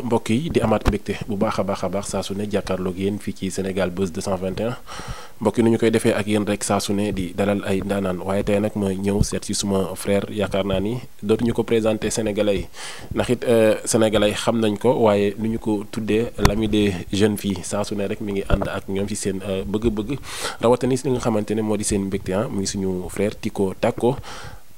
mbokk yi di amaat mbégte bu baax a baax a baax saa su ne jàkkaarloog yéen fii ci Sénégal Buzz 221 mbokk yi nu ñu koy defee ak yéen rek saa su ne di dalal ay ndaanaan waaye tey nag ma ñëw seet si suma frère yaakaar naa ni dootuñu ko présenté sénégalais yi ndax it euh, sénégalais yi xam nañ ko waaye nu ñu ko tuddee l'ami des jeunes filles saa su rek mi ngi ànd ak ñoom ci seen euh, bëgg-bëgg rawatina si li nga xamante ne moo di seen mbégte ah muy suñu frère Tyco Tako.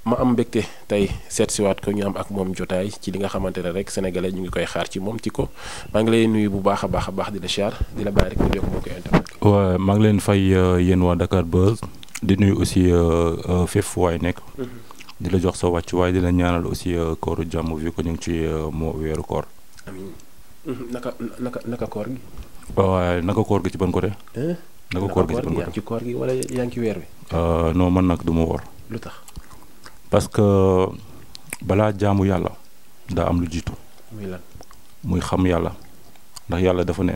ma am mbégte tey seetsiwaat ko ñu am ak moom jotaay ci li nga xamante ne rek sénégalais ñu ngi koy xaar ci moom ci ko maa ngi lay nuyu bu baax a baax a baax di la siyaar di la bàyyi rek nga jokk mbokk leen fay euh, yéen waa Dakar Buzz di nuyu aussi euh, euh, fépp fu waay nekk. Mhm. la jox sa wàccuwaay di la ñaanal aussi kooru jàmm ko ñu ngi ci moo weeru koor. amiin mhm. naka naka naka gi. ci ban côté. naka koor gi ci gi yaa ngi ci koor gi wala yaa man nag du ma woor. lu tax. parce que balaa jaamu yàlla daa am lu jiitu. muy xam yàlla ndax yàlla dafa ne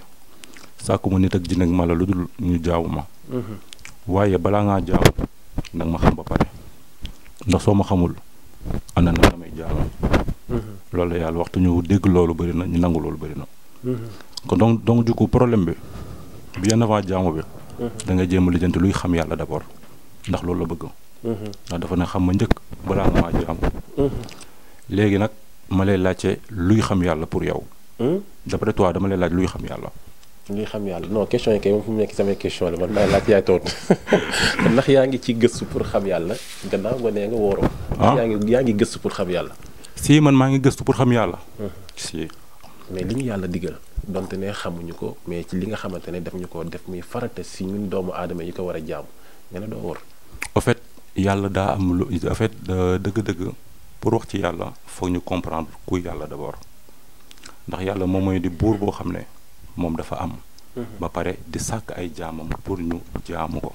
sàkkuma nit ak jinn ak mala lu dul ñu jaamu ma. Mm-hmm. waaye balaa ngaa jaamu nag ma xam ba pare ndax soo ma xamul ana na samay jaamu. Mm-hmm. loolu yàlla waxtu ñu dégg loolu bëri na ñu nangu loolu bëri na. Mm-hmm. kon donc donc du coup problème bi bien avant jaamu bi. da nga jéem a lijjanti luy xam yàlla d'abord ndax loolu la bëgg. ndax dafa ne xam ma njëkk. balaa nga maa jël am. Mhm. léegi nag ma lay laajte luy xam yàlla pour yow. Hmm? d'après toi dama lay laaj luy xam yàlla. luy xam yàlla non question yi kay moom fu mu nekk samay question la man maay laaj yaay tontu ndax yaa ngi ci gëstu pour xam yàlla gannaaw nga nee nga wooroo. ah yaa yaa ngi gëstu pour xam yàlla. si man maa ngi gëstu pour xam yàlla. Hmm. si. mais li ñu yàlla digal donte ne xamuñu ko mais ci li nga xamante ne daf ñu ko def muy farate si ñun doomu aadama yi ko war a jaamu nga ne doo wor. en yàlla daa am lu en fait euh, dëgg-dëgg pour wax ci yàlla foog ñu comprendre ku yàlla d'abord ndax yàlla moom mooy di buur boo xam ne moom dafa am. Mhm. ba pare di sàkk ay jaamam pour ñu jaamu ko.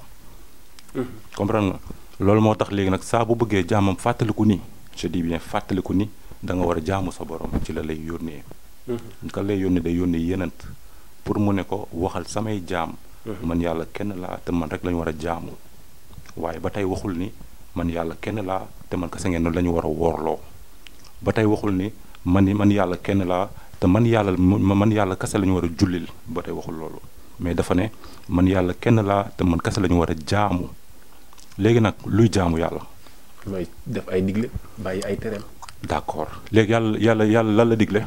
Mhm. comprendre na loolu moo tax léegi nag saa bu bëggee jaamam fàttaliku ni je dis bien fàttaliku ni da nga war a jaamu sa borom ci la lay yónnee. Mhm. ka lay yónnee day yónnee yenant pour mu ne ko waxal samay jaam. man yàlla kenn laa te man rek lañu war a jaamu. waaye ba tey waxul ni man yàlla kenn laa te man kase ngeen la war a woorloo ba tey waxul ni man man yàlla kenn laa te man yàlla man yàlla kese la ñu war a jullil ba tey waxul loolu mais dafa ne man yàlla kenn laa te man kese lañu ñu war a jaamu léegi nag luy jaamu yàlla. mooy def ay digle bàyyi ay tereem. d'accord léegi yàlla yàlla yàlla lan la digle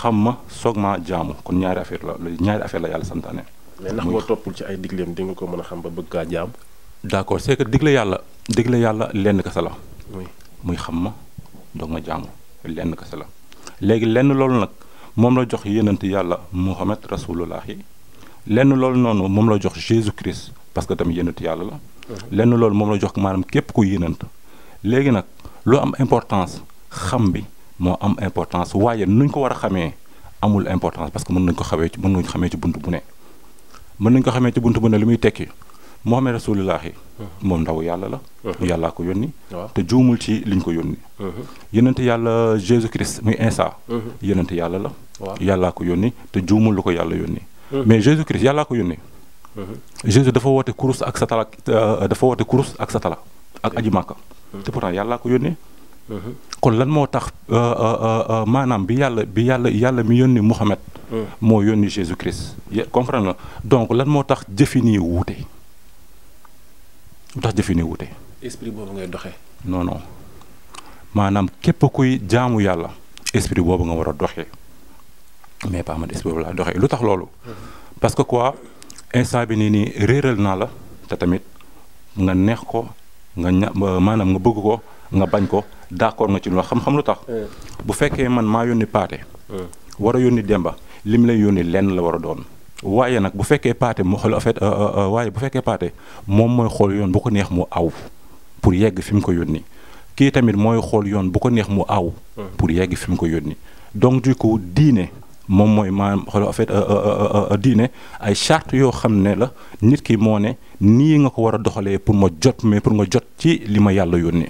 xam ma soog maa jaamu kon ñaari affaire la ñaari affaire la yàlla santaane. mais ndax boo toppul ci ay digleem di nga ko mën a xam ba bëgg kaa jaam. d' accord c' que digle yàlla digle yàlla lenn kese la. muy xam ma doog ma jaamu lenn kese la léegi lenn loolu nag moom la jox yéenant yàlla Muhammad rasulullahi lenn loolu noonu moom la jox Jésus Christ parce que tamit yéenant yàlla la. Mhm. lenn loolu moom la jox maanaam képp ku yéenant léegi nag loo am importance xam bi moo am importance waaye nuñ ko war a xamee amul importance parce que mën nañ ko xamee ci mën nañ xamee ci bunt bu ne mën nañ ko xamee ci bunt bu ne li muy tekki. Mohamed Rasulullahi moom ndaw yàlla la. yàllaa ko yónni. te juumul ci liñ ko yónni. yonente yàlla Jésus Christ muy Insa. yonente yàlla la. yàllaa ko yónni te juumul lu ko yàlla yónni. mais Jésus Christ yàllaa ko yónni. dafa woote kurus ak satala euh, dafa woote kurus ak satala ak aji màkka. te yàllaa ko yónni. kon lan moo tax euh, euh, maanaam bi yàlla bi yàlla yàlla mi yónni Mouhamed. moo yónni Jésus Christ comprendre nga donc lan moo tax jëfin yi wuute. lu tax jëfin wute. esprit boobu ngay doxe non maanaam képp kuy jaamu yàlla esprit boobu nga war a doxe mais pas man esprit laa doxee lu tax loolu. parce que quoi instant bi nii nii réeral naa la te tamit nga neex ko nga ña maanaam nga bëgg ko nga bañ ko d'accord nga ci loo xam-xam lu tax. Hmm. bu fekkee man maa yónni paate. Hmm. war a yónni demba lim lay yónni lenn la war a doon. waaye nag bu fekkee paate mu xool en fait euh, euh, euh, waaye bu fekkee paate moom mooy xool yoon bu ko neex mu aw pour yegg fi mu ko yónni kii tamit mooy xool yoon bu ko neex mu aw. pour yegg fi mu ko yónni donc du ko diine moom mooy maanaam xol en fait diine ay charte yoo xam ne la nit ki moo ne nii nga ko war a doxalee pour ma jot mais pour nga jot ci li ma yàlla yónni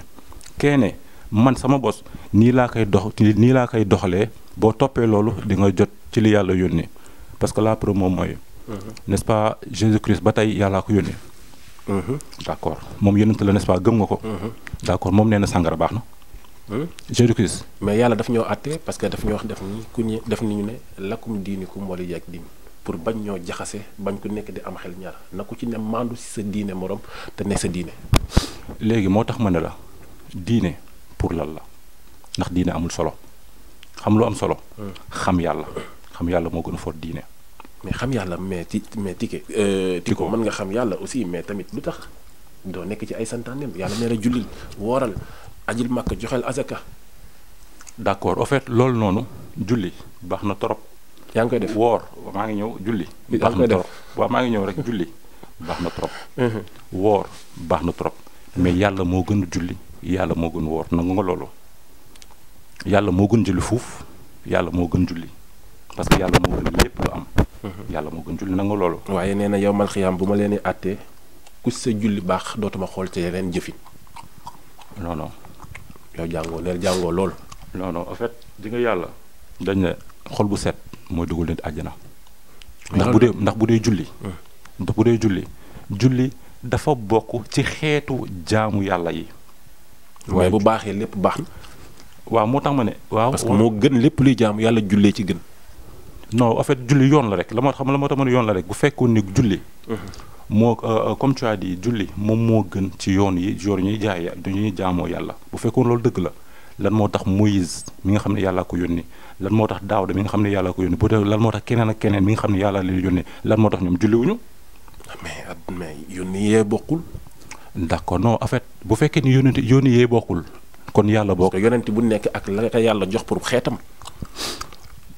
keene man sama bos nii laa koy dox nii laa koy doxalee boo toppee loolu di nga jot ci li yàlla yónni. parce que la preuve moom mooy. n'est-ce pas Jésus-Christ ba tey yàllaa ko yónnee. d'accord moom yónnent la n'est-ce pas gëm nga ko. d'accord moom nee na sàngara baax na. Jésus-Christ. mais yàlla daf ñoo àtte parce que daf ñoo wax def ni ku ñu def ni ñu ne lakum diinukum waliya diin pour bañ ñoo jaxase bañ ku nekk di am xel ñaar na ku ci ne maandu ci sa diine morom te nekk sa diine. léegi moo tax ma ne la diine pour lan la ndax diine amul solo xam lu am solo. Hmm. yàlla. xam yàlla moo gën a fort diine. mais xam yàlla mais ti mais euh, mën nga xam yàlla aussi mais tamit lu tax doo nekk ci ay santaaneem yàlla nee na jullil wooral ajil màkk joxel azaka. d' accord au fait loolu noonu julli baax na torop yaa ngi koy def woor maa ngi ñëw julli. baax na trop waaw maa ngi ñëw rek julli baax na trop. Mhm. baax na trop mais yàlla moo gën julli yàlla moo gën woor nangu nga loolu yàlla moo gën julli fuuf yàlla moo gën julli. parce que yàlla moo gën lépp lu am. Mhm. yàlla moo gën julli nangu loolu. waaye nee na yow mal xiyaam bu ma leen di àttee ku sa julli baax dootuma xool ci yeneen jëfin. non non. yow jàngoo neel jàngoo lool. non non en fait di nga yàlla. dañ ne xol bu set mooy dugal nit àjjana. ndax bu dee ndax bu dee julli. Mm. ndax bu dee julli. julli dafa bokk ci xeetu jaamu yàlla yi. waaye bu baaxee lépp baax na. moo tax ma ne. waaw parce que moo gën lépp luy jaamu yàlla jullee ci gën. non en fait julli yoon la rek la moo xam la moo tax ma ne yoon la rek bu fekkoon ni mhm. euh, euh, comme tu as julli moom moo gën ci yoon yi yoon yi ñuy jaay ñuy jaamoo yàlla bu fekkoon loolu dëgg la lan moo tax Moïse mi nga xam ne yàllaa ko yónni lan moo tax Daawda mi nga xam ne yàllaa ko yónni bu lan moo tax keneen ak keneen mi nga xam ne lan moo tax ñoom julliwuñu. mais at mais yónni yee bokkul. d' accord non en bu fekkee ni yónni yónni yee bokkul kon yàlla bokk. yónneent bu nekk ak la ko yàlla jox pour xeetam.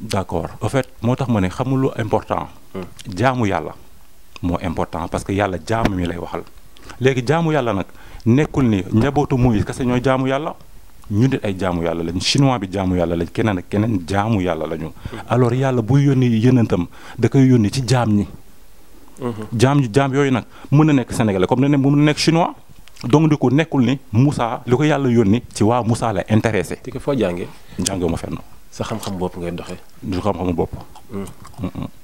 d' accord en fait moo tax ma ne xamuloo important. Hmm. jaamu yàlla moo important parce que yàlla jaamu mi lay waxal léegi jaamu yàlla nag nekkul ni njabootu Moïse kese ñooy jaamu yàlla ñu nit ay jaamu yàlla lañ chinois bi jaamu yàlla lañ keneen ak keneen jaamu yàlla lañu. Hmm. alors yàlla buy yónni yënantam da koy yónni ci jaam ñi. Hmm. jaam ñi jaam yooyu nag mën na nekk sénégalais comme ne mën na nekk chinois. donc di ko nekkul ni Moussa li ko yàlla yónni ci waa Moussa la intéressé. te foo jàngee jàngee ma fenn. sa xam-xam bopp ngay doxee. du xam-xamu bopp. Hmm.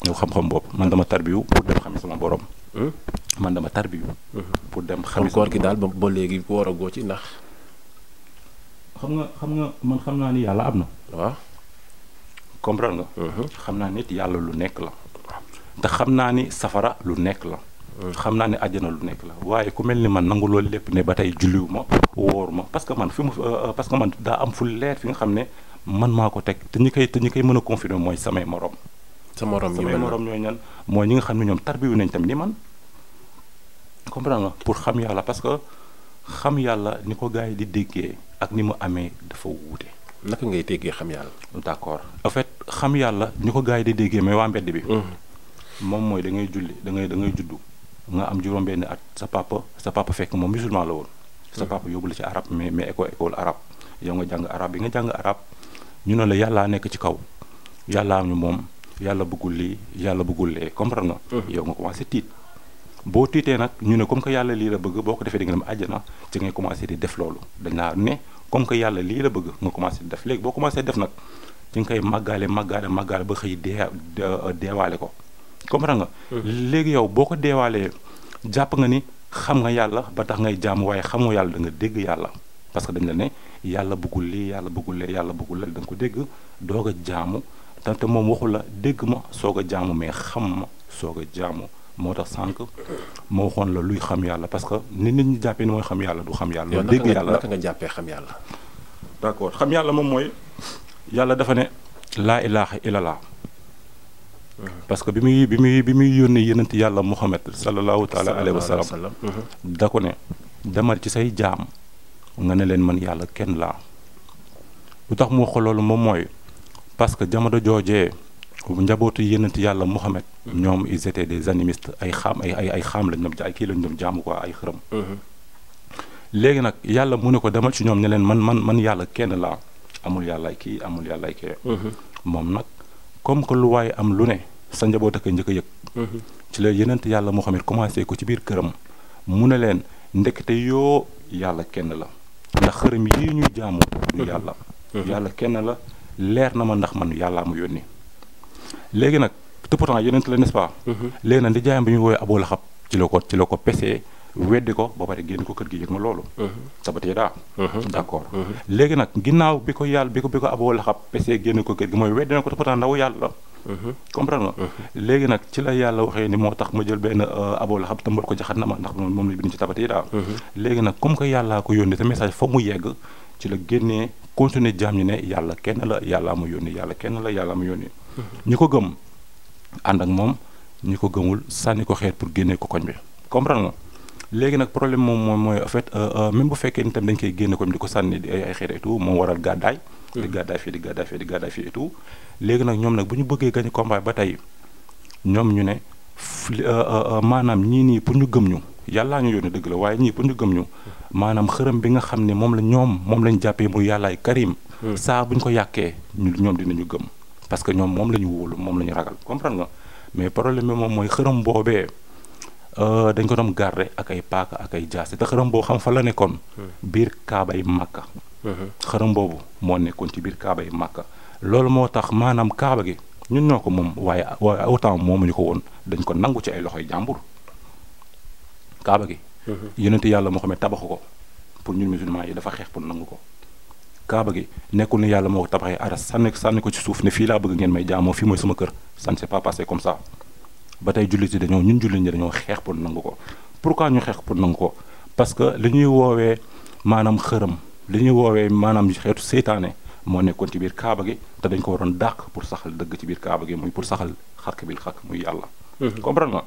du xam-xam bopp man dama tarbiyu pour dem xam sama borom. Hmm. man dama tarbiyu hmm. pour dem xam koor gi daal ba ba léegi war a ci ndax. nga xam nga man xam naa ni yàlla am na. waaw. comprendre nga. xam naa nit yàlla lu nekk la. ndax xam naa ni safara lu nekk la. xam naa ne àjjana lu nekk la waaye ku mel ni man nangu loolu lépp ne ba tey julliwu ma wóor man fi mu euh, euh, parce man daa am fu leer fi nga xam ne. man maa ko teg te ñu koy te ñi koy mën a confirmer mooy samay morom. sa morom samay morom ñooy ñan mooy ñi nga xam ne ñoom tarbiwu nañ tamit ni man comprendre nga pour xam yàlla parce que xam yàlla ni ko gars yi di déggee ak ni mu amee dafa wuute. naka ngay déggee xam yàlla. d'accord en fait xam yàlla ñu ko gaay yi di déggee mais waa mbedd bi. Mm. moom mooy da ngay julli da ngay da ngay juddu nga am juróom-benn at sa papa sa papa fekk moom musulman la woon. sa mm. papa yóbbu la ci arab mais mais école école arabe yow nga jàng arab bi arab ñu ne la yàllaa nekk ci kaw am ñu moom yàlla bëggul lii yàlla bëggul lee nga. Mm-hmm. yow nga commencé tiit boo tiitee nag ñu ne comme que yàlla lii la bëgg boo ko defee di nga dem àjjana ci di def loolu dañ laa ne comme que yàlla lii la bëgg nga commencé di def léegi boo commencé def nag ci nga koy màggaale màggaale màggaale ba xëy dee euh, deewaale ko comprendre nga. Mm-hmm. léegi yow boo ko deewaalee jàpp nga ni xam nga yàlla ba tax ngay jaamu waaye xam nga yàlla da nga dégg yàlla. parce que dañ la ne yàlla bëggul lii yàlla bëggul lee yàlla bëggul lee da ko dégg doog a jaamu te moom waxul la dégg ma soog a jaamu mais xam ma soog a jaamu moo tax sànq ma waxoon la luy xam yàlla parce que ni nit ñi jàppee ni mooy xam yàlla du xam yàlla. dégg yàlla naka nga jàppee xam yàlla. d'accord xam yàlla moom mooy yàlla dafa ne. laa ilaaha illallah. parce que bi muy bi muy bi muy yónnee yonent yàlla Muhammad sallallahu taala alayhi wa sallam. da ko ne demal ci say jaam. nga ne leen man yàlla kenn laa lu tax mu wax ko loolu moom mooy parce que jamono joojee njabootu yenent yàlla Mouhamed. ñoom ils étaient des animistes ay xaam ay ay ay xaam lañ doon ay kii lañ doon jaamu quoi ay xërëm. Mm-hmm. léegi nag yàlla mu ne ko demal ci ñoom ne leen man man man yàlla kenn laa amul yàlla ay kii amul yàlla ay kii. Mm-hmm. moom nag comme que lu waaye am lu ne sa njaboot ak njëkk a yëg. Mm-hmm. ci la yenent yàlla Mouhamed commencé ko ci biir këram mu ne leen ndekete yoo yàlla kenn la. ndax xërëm yii ñuy jaamu du yàlla yàlla kenn la leer na ma ndax man yàllaa mu yónni léegi nag te pourtant yeneen la n'est-ce pas mhm. léegi nag di jaayam bi ñu woowee aboo laxab ci la ko ci la ko pesee weddi ko ba pare génn ko kër gi yëg ma loolu mhm. sabatee daa mhm. d'accord léegi nag ginnaaw bi ko yàlla bi ko bi ko aboo laxab pesee génn ko kër gi mooy weddi na ko te ndaw yàlla Mhm. comprendre nga. Mhm. léegi nag ci la yàlla waxee ni moo tax ma jël benn euh, aboo la xam tambal ko jaxat na ma ndax moom la bind ci tabat yi daal. Mhm. léegi nag comme que yàllaa ko yónnee te message foog mu yegg ci la génnee continuer jaam ñi ne yàlla kenn la yàllaa ma yónnee yàlla kenn la yàllaa ma yónnee. ñi ko gëm ànd ak moom ñu ko gëmul sànni ko xeet pour génnee ko koñ bi comprendre nga. léegi nag problème moom mooy mooy en fait euh, euh, même bu fekkee ni tam dañ koy génne koñ bi di ko sànni ay xeet et tout moo di gàddaay fii di gàddaay fii di léegi nag ñoom nag bu ñu bëggee gañ combat ba tey ñoom ñu ne euh, euh, euh, maanaam ñii nii pour ñu gëm ñu yàllaa ñu yónni dëgg la waaye ñii pour ñu gëm ñu maanaam xërëm bi nga xam ne moom la ñoom moom lañ jàppee muy yàllaay karim hmm. saa bu ñu ko yàqee ñu ñoom ñu gëm parce que ñoom moom la ñu wóolu moom la ragal comprendre nga mais problème bi moom mooy xërëm boobee dañ ko doon garder ak ay paaka ak ay jaas te xërëm boo xam fa la nekkoon hmm. biir kaabay màkka xërëm boobu moo nekkoon ci biir kaaba yi màkka loolu moo tax maanaam kaaba gi ñun ñoo ko moom waaye waaye autant ñu ko woon dañ ko nangu ci ay loxoy jàmbur kaaba gi mhm. yonente yàlla moo xam ne tabaxu ko pour ñun musulman yi dafa xeex pour nangu ko kaaba gi nekkul yàlla moo ko tabaxee aras sànni sànni ko ci suuf ne fii laa bëgg ngeen may jaamoo fii mooy sama kër ça ne s'est pas passé comme ça ba tey jullit yi dañoo ñun jullit ñi dañoo xeex pour nangu ko pourquoi ñu xeex pour nangu ko parce que li ñuy woowee maanaam xërëm li ñu woowee maanaam xeetu seytaane moo nekkoon ci biir kaaba gi te dañ ko waroon dàq pour saxal dëgg ci biir kaaba gi muy pour saxal xark bil xakk muy yàlla. Mhm. comprendre nga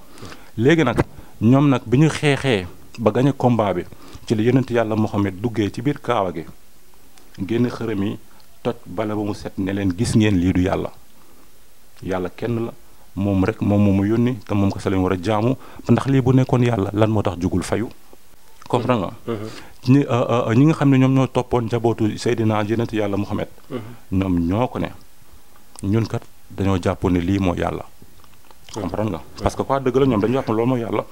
léegi nag ñoom nag bi ñu xeexee ba gañe combat bi ci la yonent yàlla Muhammad duggee ci biir kaaba gi génn xërëm yi toj bala ba mu set ne leen gis ngeen lii du yàlla yàlla kenn la moom rek moom moo mu yónni te moom ko sa leen war a jaamu ndax lii bu nekkoon yàlla lan moo tax jugul fayu. comprendre nga. Mhm. ñi euh, euh, euh, ñi nga xam ne ñoom ñoo toppoon njabootu Seydina yonent yàlla Muhammad mhm. ñoom ñoo ko ne ñun kat dañoo jàppoon ne lii moo yàlla. Mhm. comprendre nga parce que quoi dëgg la ñoom dañu jàpp ne loolu mooy yàlla.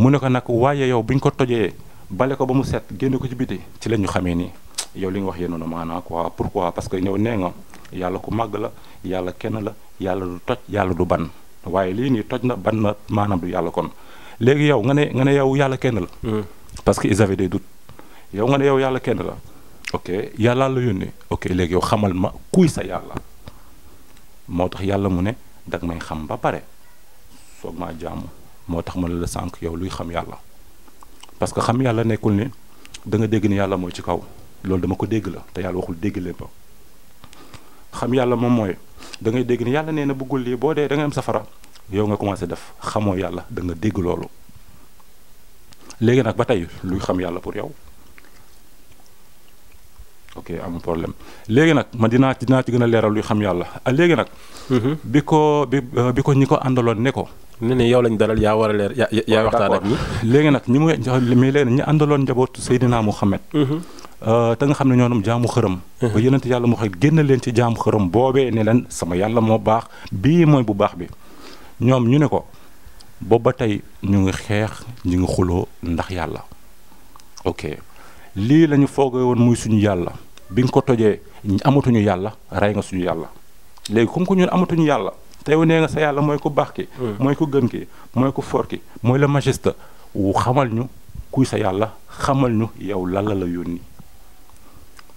mu ne ko nag waaye yow bu ñu ko tojee bale ko ba mu set génne ko ci biti ci la ñu xamee nii yow li nga wax yéen noonu maanaam quoi pourquoi parce que ñëw nee nga yàlla ku màgg la yàlla kenn la yàlla du toj yàlla du ban waaye lii nii toj na ban na maanaam yàlla kon léegi yow nga ne nga yàlla kenn parce que ils avaient des doutes yow nga ne yow yàlla kenn la ok yàllaa la yónnee ok léegi yow xamal ma kuy sa yàlla moo tax yàlla mu ne dag may xam ba pare soog maa jàmm moo tax ma la la sànq yow luy xam yàlla parce que xam yàlla nekkul ni da nga dégg ni yàlla mooy ci kaw loolu dama ko dégg la te yàlla waxul dégg lépp xam yàlla moom mooy da ngay dégg ni yàlla nee na bëggul lii boo dee da nga safara yow nga commencé def xamoo yàlla da nga dégg loolu léegi nag ba tey luy xam yàlla pour yow ok amul problème léegi nag man dinaa dinaa ci gën a leeral luy xam yàlla ah, léegi nag. Mhm. bi ko euh, bi ko ñi ko àndaloon ne ko. ne ne yow lañ daral yaa war a leer yaa yaa waxtaan ak léegi nag ñi mu mais leen ñi àndaloon njabootu Seydina Muhammad. Mhm. Euh, te nga xam ne ñoom jaamu xërëm. Mhm. ba yonent yàlla mu xëy génn leen ci jaamu xërëm boobee ne leen sama yàlla moo baax bii mooy bu baax bi ñoom ñu ne ko. booba tey ñu ngi xeex ñu ngi xuloo ndax yàlla ok lii lañu ñu foogee woon muy suñu yàlla bi nga ko tojee amatuñu yàlla rey nga suñu yàlla léegi comme que ñun amatuñu yàlla tey wu nee nga sa yàlla mooy ku baax ki hmm. mooy ko gën ki mooy ku for ki mooy la magiste wu xamal ñu kuy sa yàlla xamal ñu yow lan la la yónni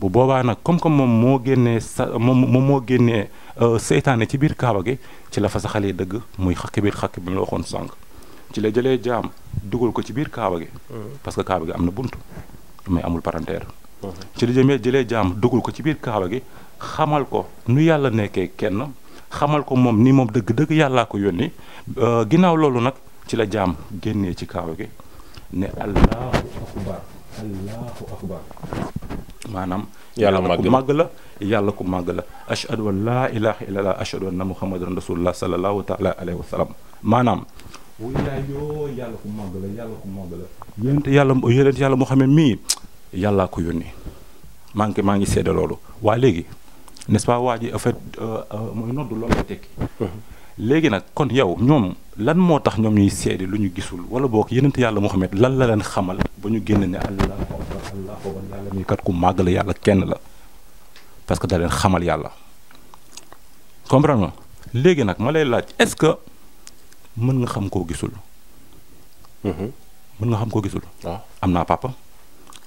bu boobaa nag comme que moom moo génnee sa moom moom moo génnee euh, seytaane ci biir kaaba gi ci la fasaxalee dëgg muy xakki biir xakki bi mu la waxoon ci la jëlee jaam dugal ko ci biir kaaba gi. Mm-hmm. parce que kaaba gi am na bunt mais amul palanteer. Mm-hmm. ci la jëmee jëlee jaam dugal ko ci biir kaaba gi xamal ko nu yàlla nekkee kenn xamal ko moom ni moom dëgg-dëgg yàllaa ko yónni euh, ginnaaw loolu nag ci la jaam génnee ci kaaba gi ne allahu akbar allahu akbar maanaam yàlla ku màgg la yàlla ku màgg la ashhadu an laa ilaha illallah ashhadu anna muhammadan rasulullah sallallahu taala alayhi wa sallam maanaam wulaay yàlla ku màgg la yàlla ku màgg la yàlla yonent yàlla moo xam ne mii yàllaa ko yónni maa ngi maa ngi seede loolu waa léegi n'est-ce pas waa ji euh, euh, mooy noddu loolu lay tekki léegi nag kon yow ñoom lan moo tax ñoom ñuy seede lu ñu gisul wala boog yenent yàlla Muhammad lan la leen xamal ba ñu génn ne allahu akbar allahu akbar yàlla muy màgg la yàlla kenn la parce que daleen xamal yàlla comprendre ma léegi nag ma lay laaj est-ce que mën nga xam koo gisul. Mhm. mën nga xam koo gisul. waaw ah. am naa papa.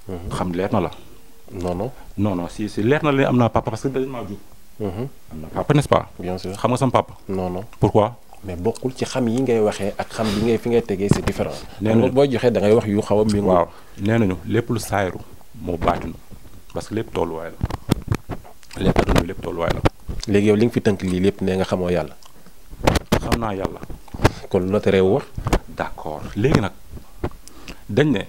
Mhm. xam leer na la. non non si si leer na la am naa papa parce que dañ maa jur. Mhm. xam nga sama papa. pourquoi. mais bokkul ci xam yi ngay waxee ak xam bi ngay fi ngay tegee c'est différent. nee nañu booy joxee da ngay wax yu xaw a. mi waaw nee nañu lépp lu saayaru moo baatinu parce que lépp tolluwaay la lépp adduna bi lépp tolluwaay léegi yow li nga fi tënk lii lépp nee nga xamoo yàlla. xam naa yàlla. kon lu la teree wax. d'accord léegi nag dañ ne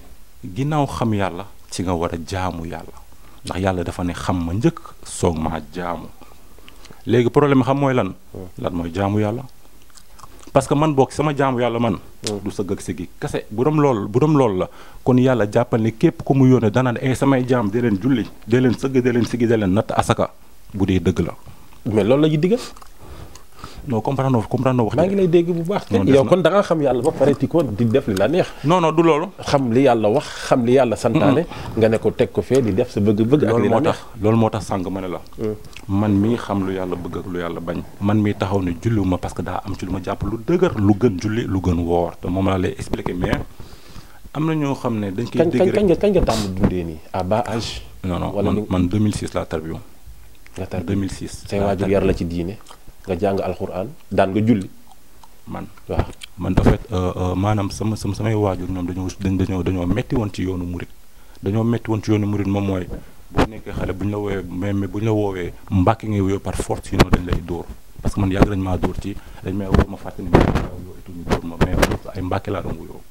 ginnaaw xam yàlla ci nga war a jaamu yàlla ndax yàlla dafa ne xam ma njëkk soog maa jaamu léegi problème xam mooy lan. Hmm. lan mooy jaamu yàlla. parce que man boog sama jaamu yàlla man. du sëgg ak sëggi kese bu doon lool bu doon lool la kon yàlla jàppal ne képp ku mu yónnee dana ne eh, samay jaam di leen julli di leen sëgg di leen sigi di leen natt asaka bu dee dëgg la. mais loolu la ñu digal non comprendre comprendre wax. maa ngi dégg bu baax. yow kon da nga xam yàlla ba pare ti di def li la neex. non non du yàlla wax xam li yàlla santaane. nga ne ko teg ko fee di def sa bëgg-bëgg. ak li la neex loolu moo tax sànq ma ne la. Mm. man mii xam lu yàlla bëgg yàlla bañ. man mii taxaw ne julliwuma parce que daa am ci lu ma jàpp lu dëgër lu gën julli lu gën woor te moom laa lay expliquer mais na ñoo xam ne dañ koy dégg rek kañ nga kañ nga tàmm dundee nii à bas âge. non non man man 2006 laa tarbiyu. nga tarbiyu 2006. say waajur yar la ci diine nga jàng alxuraan daan nga julli. man waaw man en fait euh, euh, maanaam sama sama samay waajur ñoom dañoo dañoo dañoo metti woon ci yoonu murit dañoo metti woon ci yoonu murit moom mooy boo nekkee xale bu ñu la woowee même bu ñu la woowee mbàkk ngay wéyoo par force sinon dañ lay dóor parce que man yàgg nañ maa dóor ci dañ may woo ma fàttali ne ñu dóor ma mais laa doon wuyoo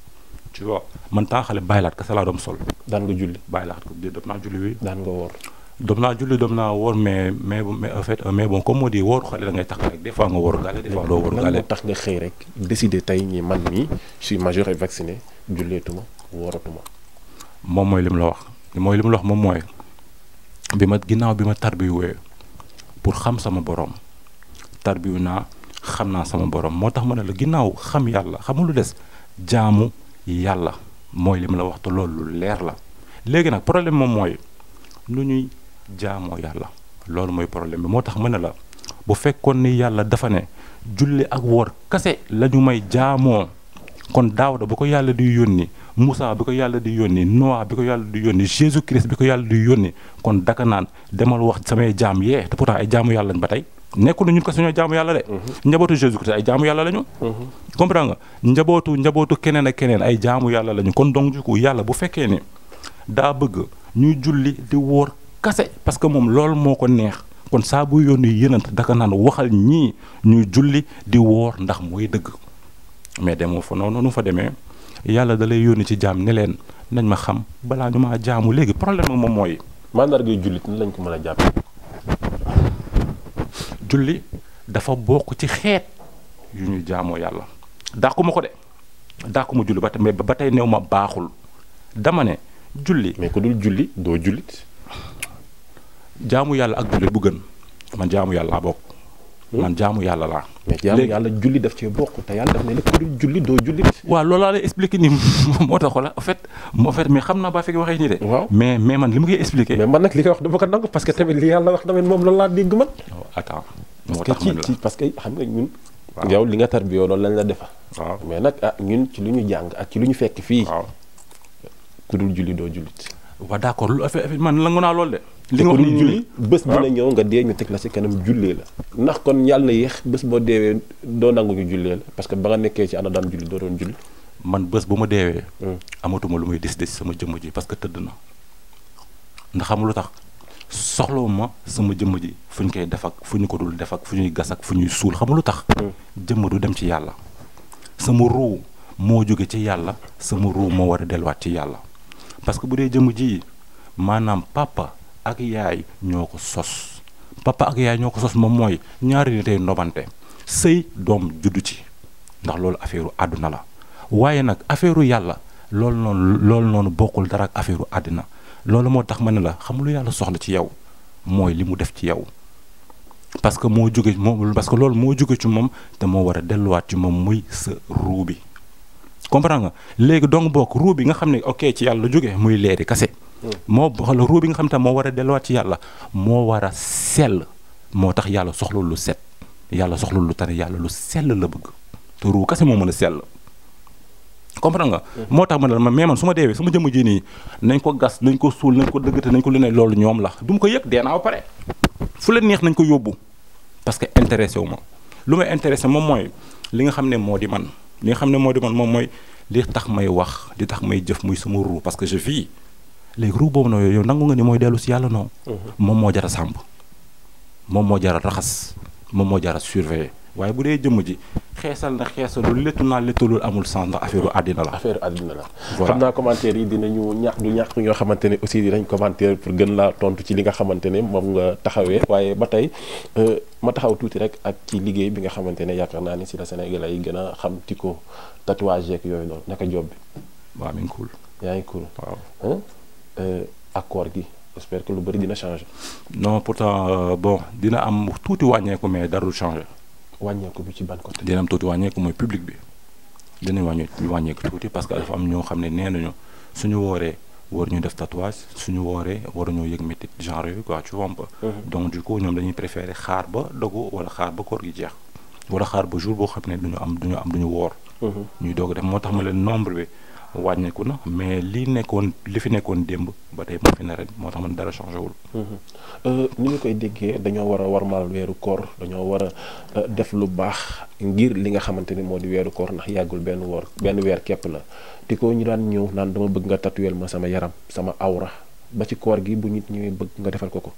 tu vois man taa xale bàyyilaat kese laa doon sol. daan nga julli bàyyilaat ko daan naa julli wi daan nga woor. doom naa julli doom naa woor mais mais en fait mais bon comme moo di woor xale da ngay tax rek des fois nga woor gàlle des fois doo woor gàlle tax nga xëy rek décider tey ñi man mii je suis majeur et vacciné julleetuma wooratuma moom mooy li mu la wax mooy li mu la wax moom mooy bi ma ginnaaw bi ma tarbiwee pour xam sama borom tarbiwu naa xam naa sama borom moo tax ma ne la ginnaaw xam yàlla xamul lu des jaamu yàlla mooy li mu la wax te loolu lu leer la léegi nag problème moom mooy nu ñuy jaamoo yàlla loolu mooy problème bi moo tax mën na la bu fekkoon ni yàlla dafa ne julli ak woor kase la ñu may jaamoo kon Daawda bu ko yàlla di yónni Moussa bi ko yàlla di yónni Noa bi ko yàlla di yónni Jésus Christ bi ko yàlla di yónni kon daka naan demal wax samay jaam yee te pourtant ay jaamu ba tey nekkul ne ko suñoo jaamu yàlla de. Mhm. njabootu Jésus Christ yàlla lañu. Mhm. comprendre njabootu njabootu ak keneen ay jaamu yàlla lañu kon donc du yàlla bu fekkee ni daa bëgg ñuy julli di woor kase parce que moom loolu moo ko neex kon saa bu yónni yënant daka naan waxal ñii ñuy julli di woor ndax mooy dëgg mais demoo fa noonu nu fa demee yàlla da lay yónni ci jaam ne leen nañ ma xam balaa ñu ma jaamu léegi problème bi moom mooy. mandargay jullit nan lañ ko mën a jàpp. julli dafa bokk ci xeet yu ñuy jaamoo yàlla dàqu ko de dàqu ma julli ba tey mais ba tey néew ma baaxul dama ne julli. mais ko dul julli doo jullit. jaamu yàlla ak julli bu gën man jaamu yàlla laa bokk. Hmm? man jaamu yàlla laa. mais jaamu yàlla julli def cee bokk te yàlla daf ne ku dul julli doo julli. waaw loolu laa lay moo tax la en fait en fait mais xam naa ba mais mais man li ma koy expliqué. mais man nag li nga wax dama ko nangu parce que tamit li yàlla wax tamit moom oh, li nga tar bi yow loolu lañ la defa waaw mais nag ah ñun ci lu ñu jàng ak ci lu ñu fekk fii. ku dul julli doo jullit waaw d' accord lu affaire man nangu naa loolu de. li nga wax ni julli bés dina ah. ñëw nga dee ñu teg la si kanam jullee la. ndax kon yàlla yéex bés boo deewee doo nangu ñu jullee la parce que ba nga nekkee ci ana daan julli doo doon julli. man bés bu ma deewee. Hmm. amatuma lu muy des décider si sama jëmm ji parce que tëdd na ndax xam tax soxlawu ma sama jëmm ji fu ñu koy def ak fu ñu ko dul def ak fu ñuy gas ak fu ñuy suul xam lu tax. Hmm. jëmm du dem ci yàlla. sama ruu moo jóge ci yàlla sama ruu moo war a delluwaat ci yàlla. parce que bu dee jëmm ji maanaam papa ak yaay ñoo ko sos papa ak yaay ñoo ko sos moom mooy ñaari nit tey ndomante sëy doom juddu ci ndax loolu affaire àdduna la waaye nag affaire yàlla loolu noonu loolu noonu bokkul dara ak affaire àdduna loolu moo tax ma ne la xamulu yàlla soxla ci yow mooy li mu def ci yow parce que moo jóge moom parce que loolu moo jóge ci moom te moo war a delluwaat ci moom muy sa ruu bi comprends nga léegi donc bokk ruu bi nga xam ne ok ci yàlla jóge muy leeri kase hmm. moo xool ruu bi nga xam tam moo war a delluwaat ci yàlla moo war a sell moo tax yàlla soxla lu set yàlla soxla lu tane yàlla lu sell la bëgg te ruu kase mën a sell comprends nga hmm. moo tax ma ne la mais man su ma su ma jëmm ji nii nañ ko gas nañ ko suul nañ ko dëggate nañ ko lu ne loolu ñoom la du ko yëg dee naa ba pare fu la neex nañ ko yóbbu parce que intéressé wu ma lu may moom mooy li nga xam ne moo di man li nga xam ne moo di man moom mooy li tax may wax li tax may jëf muy sama ruu parce que je vis léegi ruu boobu noonu yow nangu nga ni mooy dellu si yàlla non mhm. moom moo jar a sàmb moom moo jar a raxas moom moo jar a surveiller waaye bu dee jëmm ji xeesal na xeesalul léttu naa léttalul amul sens ndax affaire àddina la affaire àddina la xam naa commentaire yi dinañu ñàkk du ñàkk ñoo xamante ne aussi dinañ commentaire pour gën laa tontu ci li nga xamante ne moom nga taxawee waaye ba tey euh, ma taxaw tuuti rek ak ci liggéey bi nga xamante ne yaakaar naa ni si la Sénégalais yi gën a xam ti ko tatouage yeeg yooyu noonu naka job bi waaw mi ngi cool yaa ngi cool waaw euh, accord gi j'espère que lu bëri dina changer non pourtant euh, bon dina am tuuti wàññeeku mais darul changer wàññeeku bi ci ban côté. dina am wàññeeku mooy public bi dinañ wàññeeku wàññeeku tuuti parce que dafa am ñoo xam ne nee nañu suñu wooree war ñu def tatouage suñu wooree war ñoo yëg métit genre yooyu quoi ci vois un mhm. donc du coup ñoom dañuy préférer xaar ba dogu wala xaar ba koor gi jeex wala xaar ba jour boo xam ne duñu am duñu am duñu woor. Mhm. ñuy doog def moo tax ma leen nombre bi. wàññeeku na mais li nekkoon li fi nekkoon démb ba tey moo fi rek moo tax man dara changé wul. Mhm. Euh, ni ñu koy déggee dañoo war a warmaal weeru koor dañoo war a euh, def lu baax ngir li nga xamante ni moo di weeru koor ndax yàggul benn woor benn weer képp la te ko ñu daan ñëw naan dama bëgg nga tatuweel ma sama yaram sama awra ba ci koor gi bu nit ñëwee bëgg nga defal ko ko.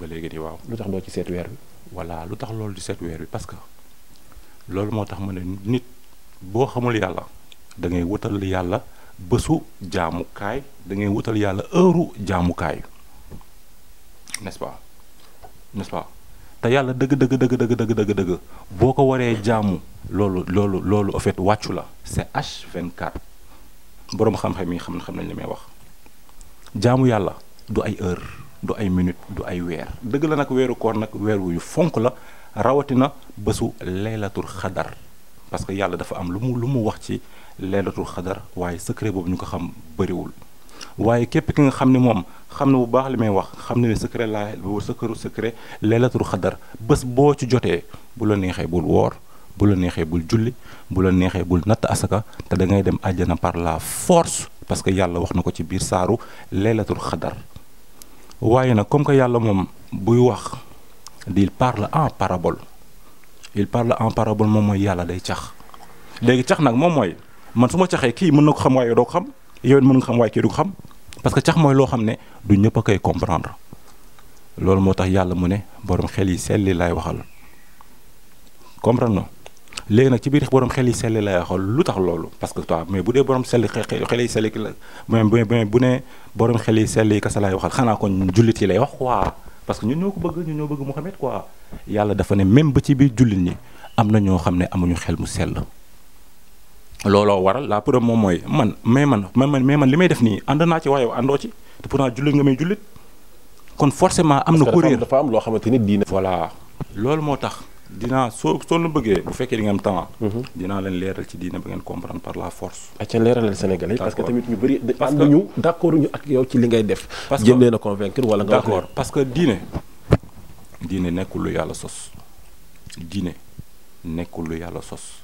ba léegi nii waaw lu tax doo ci seet weer bi. voilà lu tax loolu di seet weer bi parce que loolu moo tax ma ne nit boo xamul yàlla da ngay wutal yàlla. bësu jaamukaay da ngay wutal yàlla heure jaamukaay n'est-ce te yàlla dëgg dëgg dëgg dëgg dëgg dëgg boo ko waree jaamu loolu loolu loolu en fait wàccu la c'est H24 boroom xam-xam yi xam xam nañ li may wax jaamu yàlla du ay heure du ay minute du ay weer dëgg la nag weeru koor nag weer wu ñu fonk la rawatina bésu laylatul xadar parce que yàlla dafa am lu mu lu mu wax ci leelatul xadar waaye secret boobu ñu ko xam bëriwul waaye képp ki nga xam ne moom xam na bu baax li may wax xam ne ne secret laa bu secret secret laylatul xadar bés boo ci jotee bu la neexee bul woor bu la neexee bul julli bu la neexee bul natt asaka te da ngay dem àjjana par la force parce que yàlla wax na ko ci biir saaru leelatul xadar waaye nag comme que yàlla moom buy wax di il parle en parabole il parle en parabole moom mooy yàlla day cax léegi cax nag moom mooy man su ma caxee kii mën na ko xam waaye doo ko xam yow mën nga xam waaye kii du ko xam parce que cax mooy loo xam ne du ñëpp a koy comprendre loolu moo tax yàlla mu ne boroom xel yi selli laay waxal comprendre na léegi nag biir borom xel yi selli laay waxal lu tax loolu parce que toi mais bu dee borom sell xel yi selli la mais bu borom xel yi selli kasa laay waxal xanaa kon jullit yi lay wax quoi parce que ñu ñoo ko bëgg ñun ñoo bëgg mu Mouhamed quoi yàlla dafa ne même ba ci biir jullit ñi am na ñoo xam ne amuñu xel mu sell. looloo waral la preuve moom mooy man mais man mais man li may def nii ànd naa ci waaye àndoo ci te pourtant jullit nga may jullit kon forcément am na. kuréel dafa am loo xamante ni diine. voilà loolu moo tax dinaa soo soo lu bëggee bu fekkee di nga am temps. Mhm. dinaa leen leeral ci diine ba ngeen comprendre par la force. acca ah, leeralal Sénégalais parce que tamit ñu bëri. parce que am ñu li ngay def. parce que jëm leen a que diine. diine nekkul lu yàlla sos diine nekkul lu yàlla sos.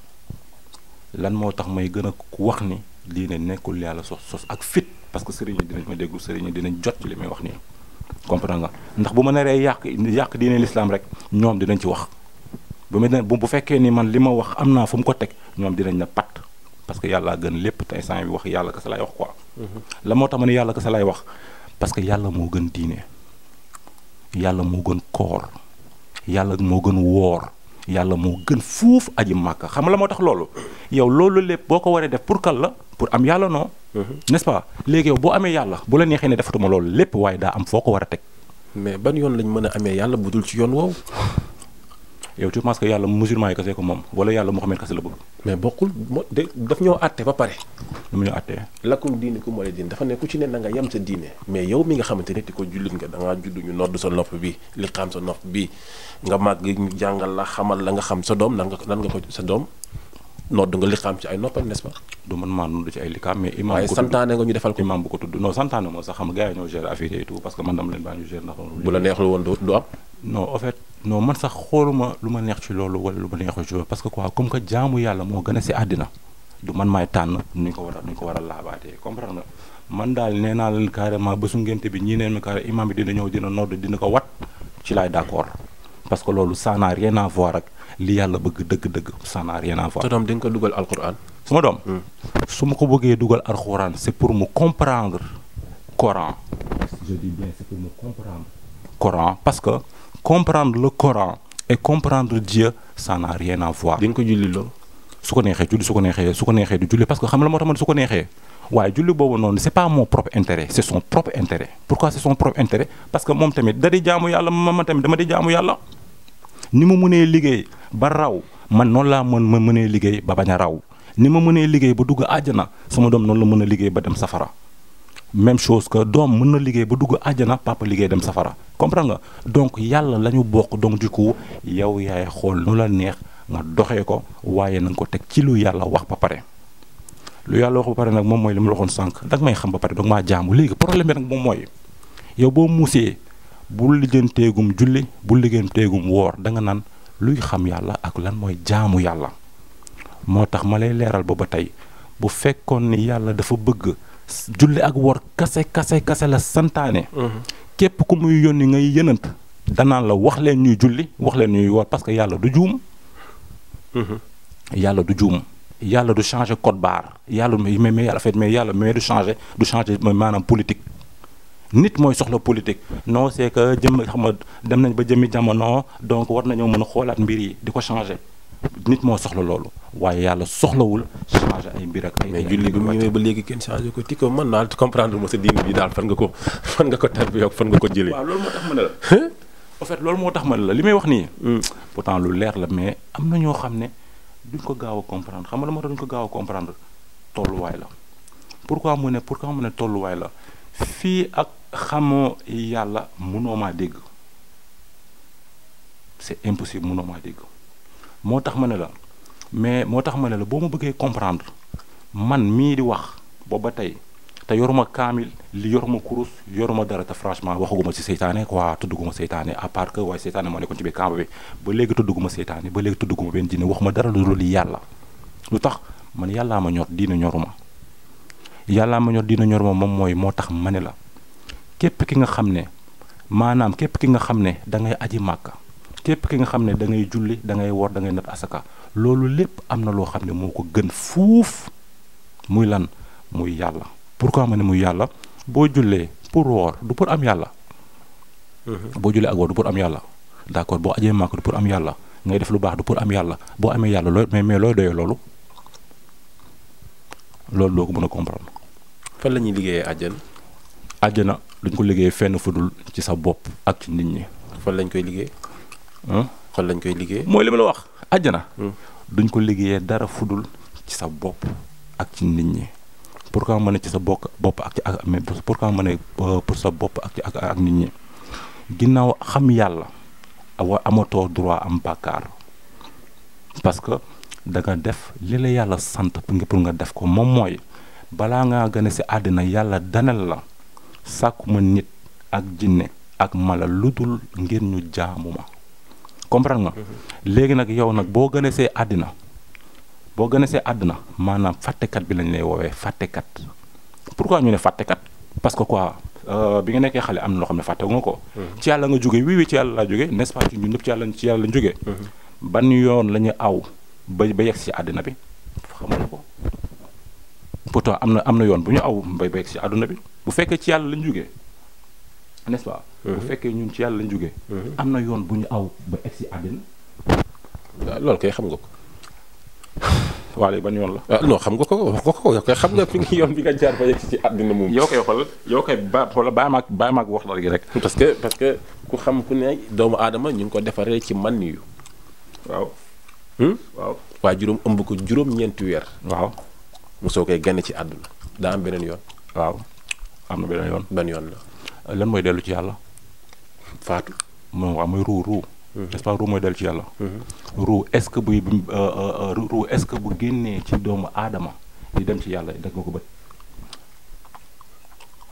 lan moo tax may gën a wax ni lii ne nekkul yàlla sos sos ak fit parce que sëriñ dinañ ma déglu sëriñ dinañ jot ci li may wax nii comprendre nga ndax bu ma naree yàq yàq diine l'islam rek ñoom dinañ ci wax bu ma bu bu fekkee ni man li ma wax am naa fu mu ko teg ñoom dinañ na pat parce que yàlla gën lépp te instant bi wax yàlla kese laay wax quoi. Mhm. la moo tax ma ne yàlla kese laay wax parce que yàlla moo gën diine yàlla moo gën koor yàlla moo gën woor. yàlla moo gën fuuf aji màkk xam la moo tax loolu yow loolu lépp boo ko waree def pour kal la pour am yàlla noo mm-hmm. n'est-ce pas léegi yow boo amee yàlla bu la neexee ne defatuma loolu lépp waaye daa am foo ko war a teg mais ban yoon lañ mën a amee yàlla budul ci yoon woowu yow tu penses que yàlla musulman yi kese ko moom wala yàlla Muhammad kese la bëgg. mais bokkul moo daf ñoo àtte ba pare. lu mu ñoo àttee. lakkum diini ku mooy diin dafa ne ku ci ne na nga yem sa diine. mais yow mi nga xamante ne di ko jullit nga da ngaa judd ñu nodd sa nopp bi li xam sa nopp bi nga màgg ñu jàngal la xamal la nga xam sa doom nan nga ko nan nga ko sa doom nodd nga liqaam ci ay noppam n'est-ce pas. du man maa nodd ci ay liqaam mais. imaam bu ko santaane nga yi ma neex ci loolu wala lu ma neexul que quoi comme que jaamu yàlla moo gën a ko war a nuñ ko war a laabaatee comprendre nga man bi ñii neen mi carré imaam bi dina ñëw dina nodd dina ko wat ci laay d'accord parce que loolu ça n'a rien à voir ak li yàlla bëgg dëgg-dëgg ça n'a rien à voir. sa doom di ko dugal alxuraan. su ma doom. Hmm. su ma ko bëggee dugal alxuraan c'est pour mu comprendre Coran. je dis c'est pour mu comprendre. Coran parce que comprendre le Coran et comprendre Dieu ça n'a rien à voir. di nga ko julli loolu. su ko neexee julli su ko neexee su ko neexee du julli parce que xam la moo tax man su ko neexee waaye julli boobu noonu c'est pas mon propre intérêt c'est son propre intérêt pourquoi c'est son propre intérêt parce que moom tamit da di jaamu yàlla man tamit dama di jaamu yàlla. ni ma mënee liggéey ba raw man noonu laa mën ma mënee liggéey ba bañ a raw ni ma mënee liggéey ba dugg àjjana sama doom noonu la mën a liggéey ba dem safara même chose que doom mën na liggéey ba dugg àjjana papa liggéey dem safara comprendre nga donc yàlla la ñu bokk donc du coup yow yaay xool nu la neex nga doxee ko waaye na nga ko teg ci lu yàlla wax ba pare. lu yàlla wax ba pare nag moom mooy li mu waxoon sànq danga may xam ba pare danga maa jaamu léegi problème bi nag moom mooy yow boo muusee bu ligganteegum julli bu ligganteegum woor da nga naan luy xam yàlla ak lan mooy jaamu yàlla moo tax ma lay leeral ba tey bu fekkoon ni yàlla dafa bëgg julli ak woor kase kase kase la santaane. Mhm. képp ku muy yónni ngay yënant danaan la wax leen ñuy julli wax leen ñuy woor parce que yàlla du juum. Mhm. yàlla du juum. yàlla du changer code barre yàlla mais mais yàlla fait mais yàlla mais du changer du changer maanaam politique. nit mooy soxla politique non c'est que jëm xam nga dem nañ ba jëmmi jamono donc war nañoo mën a xoolaat mbir yi di ko changer nit moo soxla loolu waaye yàlla soxlawul changer ay mbir ak ay. mais julli bi mu ñëwee ba léegi kenn changer ko Tyco mën naa comprendre ma sa diin bi daal fan nga ko fan nga ko tarbiyoo fan nga ko jële waaw loolu moo tax ma ne la. en fait loolu moo tax man ne la li may wax nii. Hmm. pourtant lu leer la mais am na ñoo xam ne duñ ko gaaw a comprendre xam nga lu ma duñ ko gaaw a comprendre tolluwaay la pourquoi mu ne pourquoi mu ne tolluwaay la xamoo yàlla mënoo maa dégg c'est impossible mënoo maa dégg moo tax ma ne la mais moo tax ma ne la boo ma bëggee comprendre man mii di wax booba tey te yoruma kaamil li yoruma kurus yoruma dara te franchement waxaguma ci seytaane quoi tudduguma seytaane à part que waaye seytaane moo nekkoon ci biir camp bi ba léegi tudduguma seytaane ba léegi tudduguma benn jinne waxuma dara lu dul yàlla lu tax man yàllaa ma ñor diina ñoruma yàllaa ma ñor diina ñoruma moom mooy moo tax ma ne la képp ki nga xam ne maanaam képp ki nga xam ne dangay aji màkk képp ki nga xam ne da ngay julli da ngay wor da ngay nat asaka loolu lépp am na loo xam ne moo ko gën fuuf muy lan muy yàlla pourquoi ma ne muy yàlla boo jullee pour woor du pour am yàlla mm-hmm. boo jullee ak woor du pour am yàlla d'accord boo ajee màkk du pour am yàlla ngay def lu baax du pour am yàlla boo amee yàlla looy mais mais looy doyee loolu loolu doo ko mën a comprendre fan la ñuy liggéeyee àjjana àjjana duñ ko liggéey fenn fudul ci sa bopp ak ci nit ñi. fan lañ koy liggéey. fan lañ koy liggéey. mooy li ma la wax àjjana. Hmm. duñ ko liggéeyee dara fudul ci sa bopp ak nit ñi pourquoi ma ne ci sa bopp bopp ak ci ak mais pourquoi ma ne euh, pour sa bopp ak ci ak ak nit ñi ginnaaw xam yàlla awa amatoo droit am bàkkaar parce que da def li la yàlla sant pour nga def ko moom mooy balaa ngaa gën a si àddina yàlla danal la. sàkkuma nit ak jinne ak mala lu dul ngir ñu jaamu ma comprendre nga. Mhm. léegi nag yow nag boo gënee see àddina boo gënee see àddina maanaam fàttekat bi lañ lay woowee fàttekat pourquoi ñu ne fàttekat parce que quoi euh, bi nga nekkee xale am na loo xam ne fàtte wu nga ko. Mhm. ci yàlla nga jógee oui oui ci yàlla laa jóge n'est-ce pas ñun ñëpp ci yàlla ci yàlla lañ jógee. Mhm. ban yoon la ñu aw ba ba yegg si àddina bi xamal ko. pourtant am na am na yoon bu ñu aw mbay beeg ci àdduna bi bu fekkee ci yàlla lañ jugee n'est-ce mhm. bu fekkee ñun ci yàlla lañ jugee. Mhm. am na yoon bu ñu aw ba egg si àddina. Ah, loolu kay xam nga ko. waa ba ban yoon la. ah xam nga ko wax nga ko yow kay xam nga fi nga yoon bi nga jaar ba yegg si àddina moom. yow koy xoolal yow kay ba xoolal bàyyi maag bàyyi maag wax dara gi rek. parce que parce que ku xam ku ne doomu aadama ñu ngi ko defaree ci man yu. waaw. Hmm? waa juróom ëmb ko juróom-ñeenti weer. waaw. mu soo koy génn ci àdduna daa am beneen yoon. waaw am na beneen yoon. benn yoon la. lan mooy dellu ci yàlla. faatu. moom waaw mooy mhm. dellu ci yàlla. Mhm. ruu est-ce que buy euh, euh, euh, ruu est-ce que bu génnee ci doomu aadama di dem ci yàlla teg nga ko bët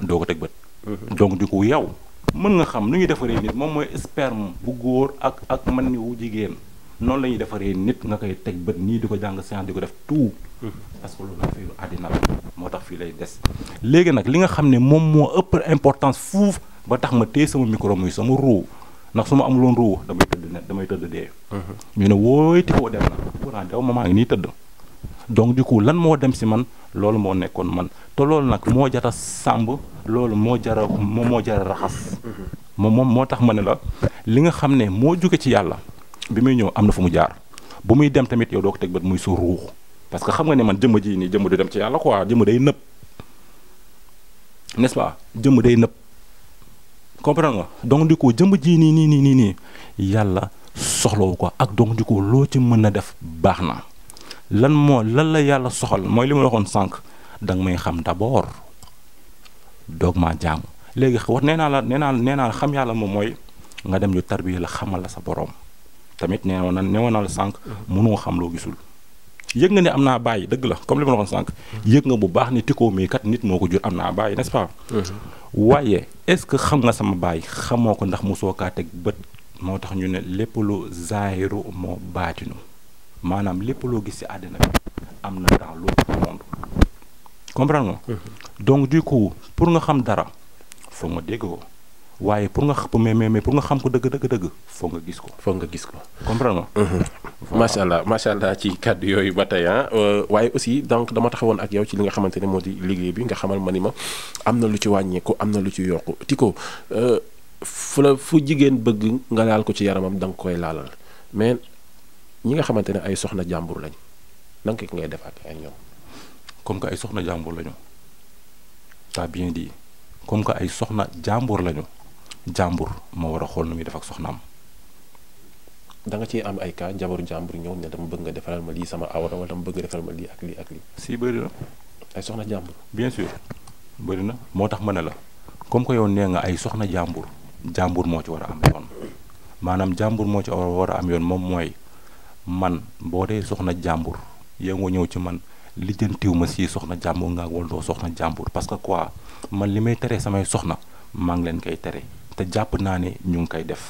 doo ko teg bët. Mhm. donc du ko yow. mën nga xam nu ñuy defaree nit moom mooy sperme bu góor ak ak man wu jigéen. noonu la ñuy defaree nit nga koy teg bët nii di ko jàng science di ko def tout parce hmm. loolu àddina la moo tax fii lay des léegi nag li nga xam ne moom moo ëpp importance fuuf ba tax ma téye sama micro muy sama ruu ndax su ma amuloon ruu damay tëdd ne damay tëdd dee hmm. ñu ne wooy tifoo dem na pourtant dew ma maa nii tëdd donc du coup lan moo dem si man loolu moo nekkoon man te loolu nag moo jara sàmb loolu moo jara moom moo jara raxas hmm. moom moom moo tax ma ne la li nga xam ne moo juge ci yàlla bi muy ñëw am na fu mu jaar bu muy dem tamit yow doo ko teg bët muy su ruux parce que xam nga ne man jëmm ji nii jëmm du dem ci yàlla quoi jëmm day nëb n'est-ce pas jëmm day nëb comprendre nga donc di ko jëmm jii nii nii nii nii nii yàlla soxlawu ko ak donc di ko loo ci mën a def baax na lan moo lan la yàlla soxal mooy li ma waxoon sànq danga may xam d'abord doog maa jaamu léegi wax nee naa la nee naa nee naa xam yàlla moom mooy nga dem ñu tarbiya la xamal la sa boroom. tamit nee woon na nee woon na la sànq xam loo gisul yëg nga ne am naa bàyyi dëgg la comme li ma la waxoon sànq yëg nga bu baax ni tikkoo mii kat nit moo ko jur am naa bàyyi n'est-ce pas mhm. waaye est-ce que xam nga sama bàyyi xamoo ko ndax mu soo teg bët moo tax ñu ne lépp lu zaahiru moo baatinu maanaam lépp loo gis ci àddina bi am na dans l'autre monde comprendre nga mhm. donc du coup pour nga xam dara foog nga déggoo waaye pour nga xam mais mais pour nga xam ko dëgg dëgg dëgg foog nga gis ko. foog nga gis ko comprendre nga. Mhm. macha allah macha allah ci kàddu yooyu ba tey ah euh, waaye aussi donc dama woon ak yow ci li nga xamante ne moo di liggéey bi nga xamal ma ni ma am na lu ci wàññeeku am na lu ci yokku Tyco euh, fu la fu jigéen bëgg nga laal ko ci yaramam da nga koy laalal mais ñi nga xamante ne ay soxna jàmbur lañ nan ko ngay def ak ñoom. comme que ay soxna jàmbur lañu. t'as di comme que ay soxna jàmbur lañu. jàmbur moo war a xool na muy def ak soxnaam. da nga ciy am ay cas jabaru jàmbur ñëw ne dama bëgg nga defaral ma lii sama awra wala dama bëgg nga defaral ma lii ak lii ak lii. si bëri na. ay soxna jàmbur. bien sûr bëri na moo tax ma ne la comme que yoon nee nga ay soxna jàmbur jàmbur moo ci war a am yoon maanaam jàmbur moo ci war a am yoon moom mooy man boo dee soxna jàmbur yow nga ñëw ci man lijjantiw ma si soxna jàmbur nga wala soxna jàmbur parce que quoi man li may tere samay soxna maa ngi leen koy tere. te jàpp naa ne ñu ngi koy def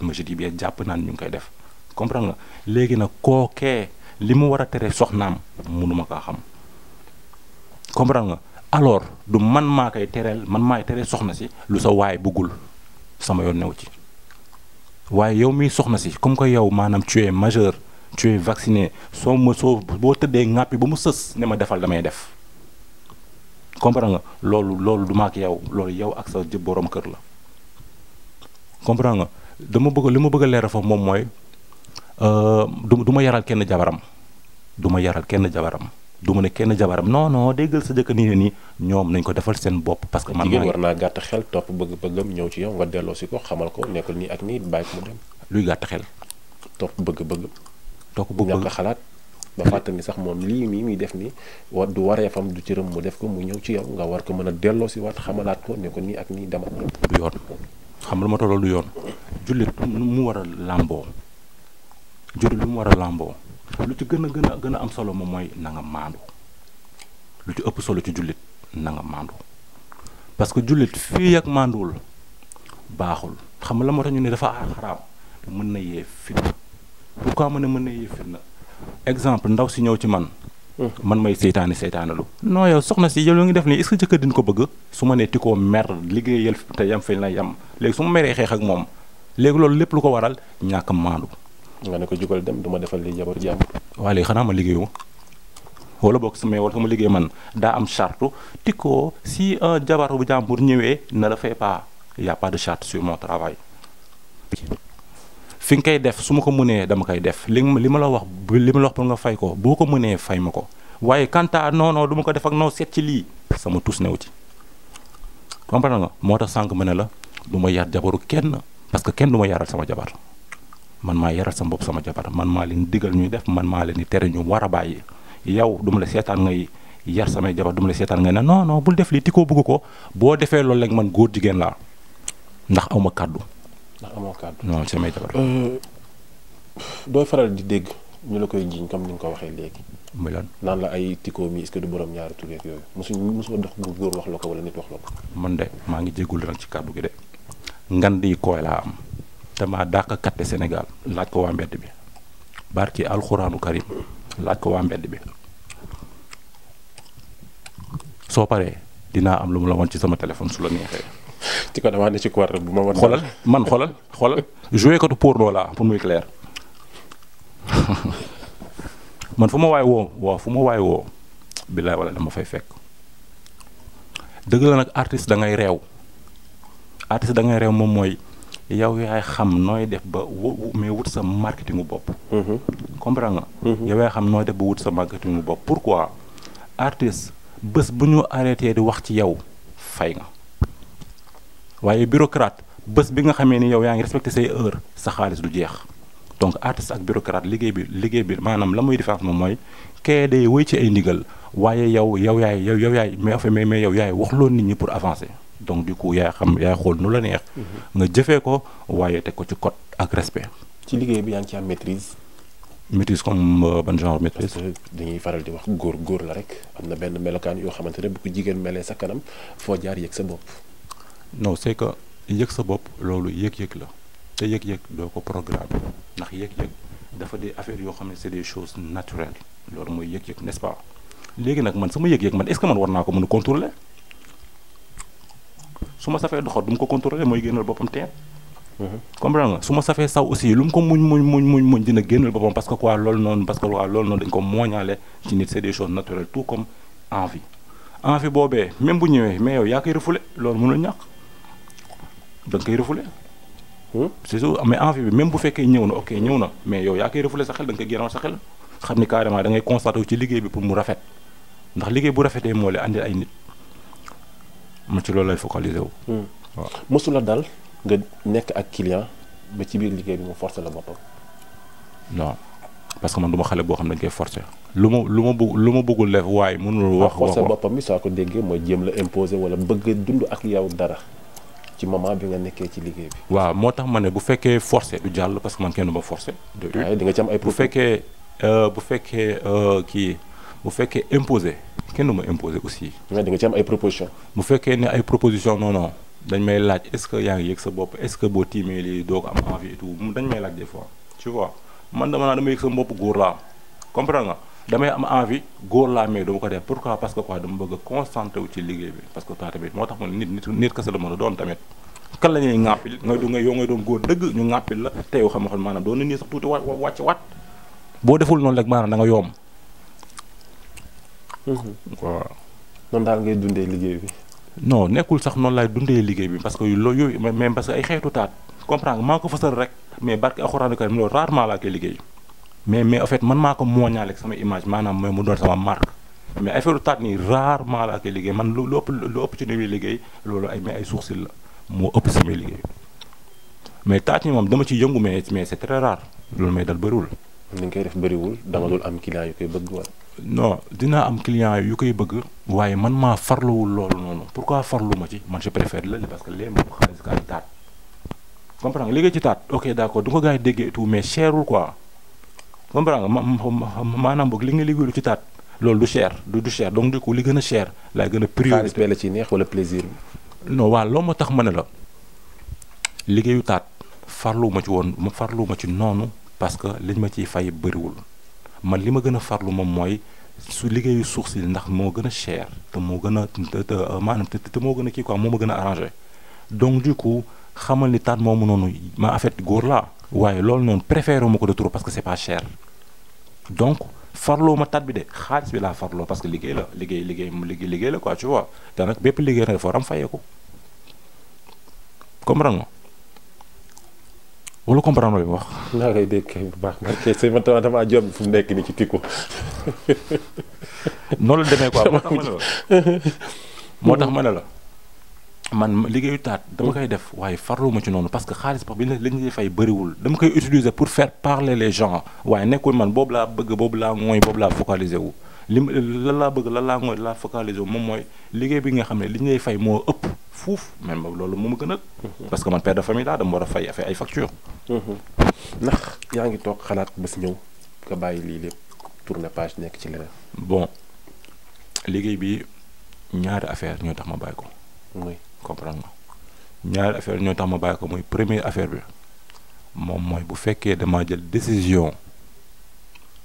ma je dis jàpp naa ne ñu ngi koy def comprendre nga léegi nag kookee li mu war a tere soxnaam mënuma kaa xam comprendre nga alors du man maa koy tereel man maay teree soxna si lu sa waay buggul sama yoon new ci waaye yow miy soxna si comme que yow maanaam tu es majeur tu es soo ma soo boo tëddee ŋàppi ba mu sës ne ma defal damay def comprendre nga loolu loolu du ma ak yow loolu yow ak sa jë borom kër la comprends nga dama bëgg li ma bëgg a leeral moom mooy euh, du du ma yaral kenn jabaram du ma yaral kenn jabaram du ma ne kenn jabaram non non déggal sa jëkk nii ne nii ñoom nañ ko defal seen bopp. parce que man jigéen war naa gàtt xel topp bëgg-bëggam ñëw ci yow nga delloo si ko xamal ko nekkul nii ak nii bàyyi ko mu luy gàtt xel. topp bëgg-bëgg. topp bëgg-bëgg xalaat. ba fàttali ni sax moom lii mii muy def nii war du waree fam du cëram mu def ko mu ñëw ci yow nga war ko mën a delloo si waat xamalaat ko ne ko nii ak nii demal. du yoon xam lu moto toll lu yoon jullit lu mu war a làmboo jullit lu mu war a làmboo ci gën a gën a gën a am solo moom mooy na nga maandu lu ci ëpp solo ci jullit na nga maandu parce que jullit fii ak maanduwul baaxul xam la moo ñu ne dafa xaraam mën na yee fitna pourquoi mu ne mën na yee fitna exemple ndaw si ñëw ci man man may seytaane seytaanalu non yow soxna si yow ngi def nii est-ce que jëkkër din ko bëgg su ma ne tikoo mer liggéeyal te yam fi na yam léegi su ma meree xeex ak moom léegi loolu lépp lu ko waral ñàkk maandu nga ne ko jugal dem du ma defal li jabar jàmbur waa léegi xanaa ma liggéeyu wala boog sama wala ma liggéey man daa am charte tikoo si un euh, jabar bu jàmbur ñëwee ne la fait pas y a pas de charte sur mon fi nga koy def su ma ko mënee dama koy def li li ma la wax li ma la wax pour nga fay ko boo ko mënee fay ma ko waaye kantaa noonoo non ko def ak non seet ci lii sama tus new ci comprendre nga moo tax sànq ma ne la du ma yar jabaru kenn parce que kenn du ma yaral sama jabar man maa yaral sama bopp sama jabar man maa leen digal ñuy def man maa leen di tere ñu war a bàyyi yow du ma la seetaan ngay yar samay jabar du la seetaan ngay ne non non bul def lii ti ko bëgg ko boo defee loolu rek man góor jigéen laa ndax awma kàddu ndax amoo kàddu. non samay euh, tabar. faral di dégg ñu la koy jiiñ comme ni nga ko waxee léegi. muy lan la ay Tyco mi borom ñaari tur yeeg dox bu góor wax la ko wala nit wax la ko. man de maa ngi jéggul nag ci kàddu gi de. ngan di kooy laa am. damaa dàq katte Sénégal. laaj ko waa mbedd bi. barki alxuraanu karim. laaj ko waa mbedd bi. soo paree dinaa am lu mu la woon ci sama téléphone su la neexee. ci ko damaa bu ma war xoolal man xoolal xoolal joué katu porno laa pour muy clair man fu ma waay woo waaw fu ma waay woo billaay wala dama fay fekk dëgg la nag artiste da ngay réew artiste da ngay réew moom mooy yow yaay xam nooy def ba mais wut sa marketingu bopp. Mhm. comprendre nga. Mhm. yow yaay xam nooy def ba wut sa marketingu bopp pour pourquoi artiste bés bu ñu arrêté di wax ci yow fay nga. waaye bureaucrate bés bi nga xamee ni yow yaa ngi respecté say heure sa xaalis du jeex donc artiste ak bureaucrate liggéey bi liggéey bi maanaam la muy différence moom mooy kee day wëy ci ay ndigal waaye yow yow yaay yow yow yaay mais mais yow yaay waxloon nit ñi pour avancer donc di coup yaa xam yaa xool nu la neex. Mhm. nga jëfee ko waaye teg ko ci code ak respect. ci liggéey bi yaa ngi ci am maîtrise. maîtrise comme euh, ban genre maîtrise. parce dañuy faral di wax góor góor la rek am na benn melokaan yoo xamante ne bu ko jigéen melee sa kanam foo jaar sa bopp. non c'est que yëg sa bopp loolu yëg-yëg la te yëg-yëg doo ko programme ndax yëg-yëg dafa des affaires yoo xam ne c'est des choses naturelles loolu mooy yëg-yëg nest nag man sama yëg-yëg man est-ce naa ko mën a contrôler su ma safee doxal du mu ko contrôler mooy génnal boppam teen mhm. comprendre nga su ma safee saw aussi lu mu ko muñ muñ muñ muñ muñ dina génnal boppam parce que quoi loolu noonu parce que quoi loolu noonu dañ ko mooñaale ci nit c'est des choses naturelles tout comme envie envie boobee même bu ñëwee mais yow yaa koy refoulé loolu mënul ñàkk da nga refule si c'est sûr mais envie bi même bu fekkee ñëw na ok ñëw na mais yow yaa koy refoulé sa xel da nga koy génnoon sa xel xam ni carrément dangay ngay constaté ci liggéey bi mu rafet ndax liggéey bu rafetee moo lay andi ay nit mu ci loolu lay focaliser wu. Hmm. waaw mosu la dal nga nekk ak client ba ci biir liggéey bi mu forcé la boppam. non parce que man du ma xale boo xam ne dañ koy forcé lu ma lu ma bëgg lu ma bëggul def waaye mënul wax. wax forcé boppam bi soo ko déggee mooy jéem la imposer wala bëgg dund ak yow dara. ci moment bi nga nekkee ci liggéey bi. waaw moo tax ma ne bu fekkee forcé du jàll parce que man kenn du ma forcé. de di nga ci am ay bu fekkee euh, bu euh, kii bu fekkee imposé kenn du ma aussi. mais di nga ci ay proposition bu fekkee ne ay proposition non non dañ may laaj est-ce que yaa ngi yëg sa bopp est-ce que boo tiimee lii doo ko am envie et dañ may laaj des fois tu vois man dama naa dama yëg sa bopp góor laa comprendre nga. damay am envie góor laa mais dama ko def pourquoi parce que quoi dama bëgg a concentré wu ci liggéey bi parce que quoi tamit moo tax ma nit nit nit a doon tamit kan la ñuy sax tuuti wàcc waat boo deful noonu rek maanaam da nga yomb. Mhm. waaw. noonu daal ngay dundee liggéey bi. non nekkul sax noonu laay dundee liggéey bi parce que loolu yooyu même parce que ay xeetu taat comprendre maa ko fësal rek mais barke alxuraan karim loolu rarement laa koy liggéey. mais mais en fait man maa ko mooñaale ak sama image maanaam mooy mu doon sama marque mais ay feru taat nii rarement laa koy liggéey man lu ëpp lu ëpp ci li muy liggéey loolu ay mais ay sourcils la moo ëpp samay liggéey mais taat yi moom dama ci yëngu mais mais c'est très rare loolu may dal bëriwul. ni nga koy def bëriwul am client yu bëgg wala. non dinaa am client yu koy bëgg. waaye man maa farluwul loolu noonu pourquoi farlu ma ci man je préfère la parce que lee moom xaalis kaa taat comprendre nga liggéey ci taat ok d'accord du ko gars yi déggee tout mais cherul quoi. comprendre nga maanaam boog li nga liggéeylu ci taat loolu du cher du du cher donc du ko li gën a cher laa gën a priorité la ci neex wala plaisir bi. non waaw loolu moo tax ma ne la liggéeyu taat farlu ma ci woon ma farlu ma ci noonu parce que liñ ma ciy fay bëriwul man li ma gën a farlu moom mooy su liggéeyu suuf si ndax moo gën a cher te moo gën a euh, maanaam te moo gën a kii quoi moo ma gën a arrangé donc du coup xamal ni taat moomu noonu ma en fait góor laa. waaye loolu noonu préféré ko de trop parce que c'est pas cher donc farloo ma tat bi de xaalis bi laa farloo parce que liggéey la liggéey liggéey liggéey liggéey la quoi tu vois te bépp liggéey nag dafa war am fayeeku comprendre nga wala comprendre li wax. bu baax man mu nekk nii ci tiku. noonu la demee quoi moo ma ne moo tax ma ne la. man liggéeyu taat dama koy def waaye farluwuma ci noonu parce que xaalis bi la li ñu fay bëriwul dama koy utiliser pour faire parler les gens waaye nekkul man boobu laa bëgg boobu laa mooy boobu laa focaliser wu li lan laa bëgg lan laa mooy laa focaliser wu moom mooy liggéey bi nga xam ne li ñu fay moo ëpp fuuf même loolu moo ma gënal mhm. parce que man père de famille laa dama war a fay ay facture mhm. ndax yaa ngi toog xalaat bés ñëw nga bàyyi lii lépp tourner page nekk ci leneen bon liggéey bi ñaari affaire ñoo tax ma bàyyi ko comprendre nga ñaari affaire ñoo tax ma bàyyi ko mooy première affaire bi moom mooy bu fekkee dama jël décision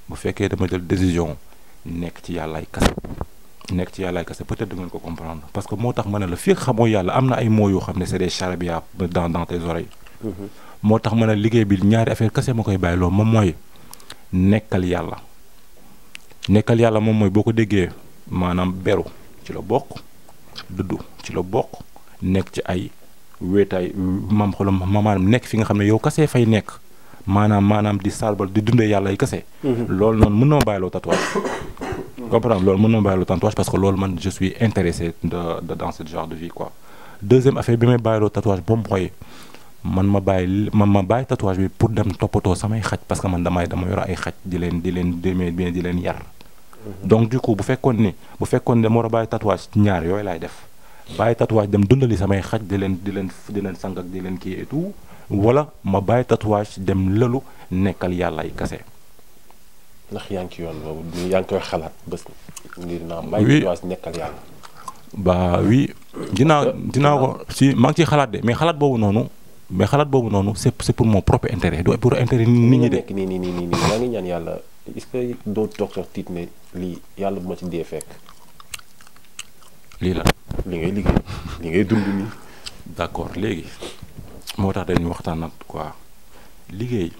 bu fekkee dama jël décision nekk ci yàllaay kase nekk ci yàllaay kase peut-être da ngeen ko comprendre parce que moo tax ma ne la fii xamoo yàlla am na ay mots yoo xam ne c'est des charabia dans dans tes mm-hmm. moo tax ma ne liggéey bi ñaari affaire kase ma koy bàyyi loolu moom mooy nekkal yàlla nekkal yàlla moom mooy boo ko déggee maanaam beru ci la bokk dudd ci la bokk. nekk ci ay wéetaay mam xolam maanaam nekk fi nga xam ne yow kasee fay nekk maanaam maanaam di salbal di dundee yàlla ay kase mhm. loolu noonu mën na ma bàyyiloo tatouage comprendre loolu mën na ma bàyyiloo tatouage parce que loolu man je suis intéressé de dans ce bi may bàyyiloo tatouage boobu mooy man ma bàyyi man ma bàyyi tatouage bi pour dem toppatoo samay xaj parce que man damay dama yoro ay xaj di leen di leen demee bien di leen yar mhm. donc du coup bu fekkoon ni bu fekkoon ne dama war a bàyyi tatouage ñaar yooyu laay def bàyyi tatouage dem dundali samay xaj di leen di di leen sang ak di leen kii et tout wala ma bàyyi tatouage dem lëlu nekkal yàlla ay kase. ndax yaa yoon boobu yaa koy xalaat bés. ngir naa bàyyi tatouage nekkal yàlla. ba oui dinaa dinaa ko si maa ngi xalaat de mais xalaat boobu noonu. mais xalaat boobu noonu c'est c'est pour mon propre intérêt du pour intérêt nit ñi de. nekk nii nii nii nii maa yàlla est-ce que doo yàlla bu ma ci dee fekk. lii la li ngay liggéey li ngay dund nii d'accord léegi moo tax dañu waxtaan ak quoi liggéey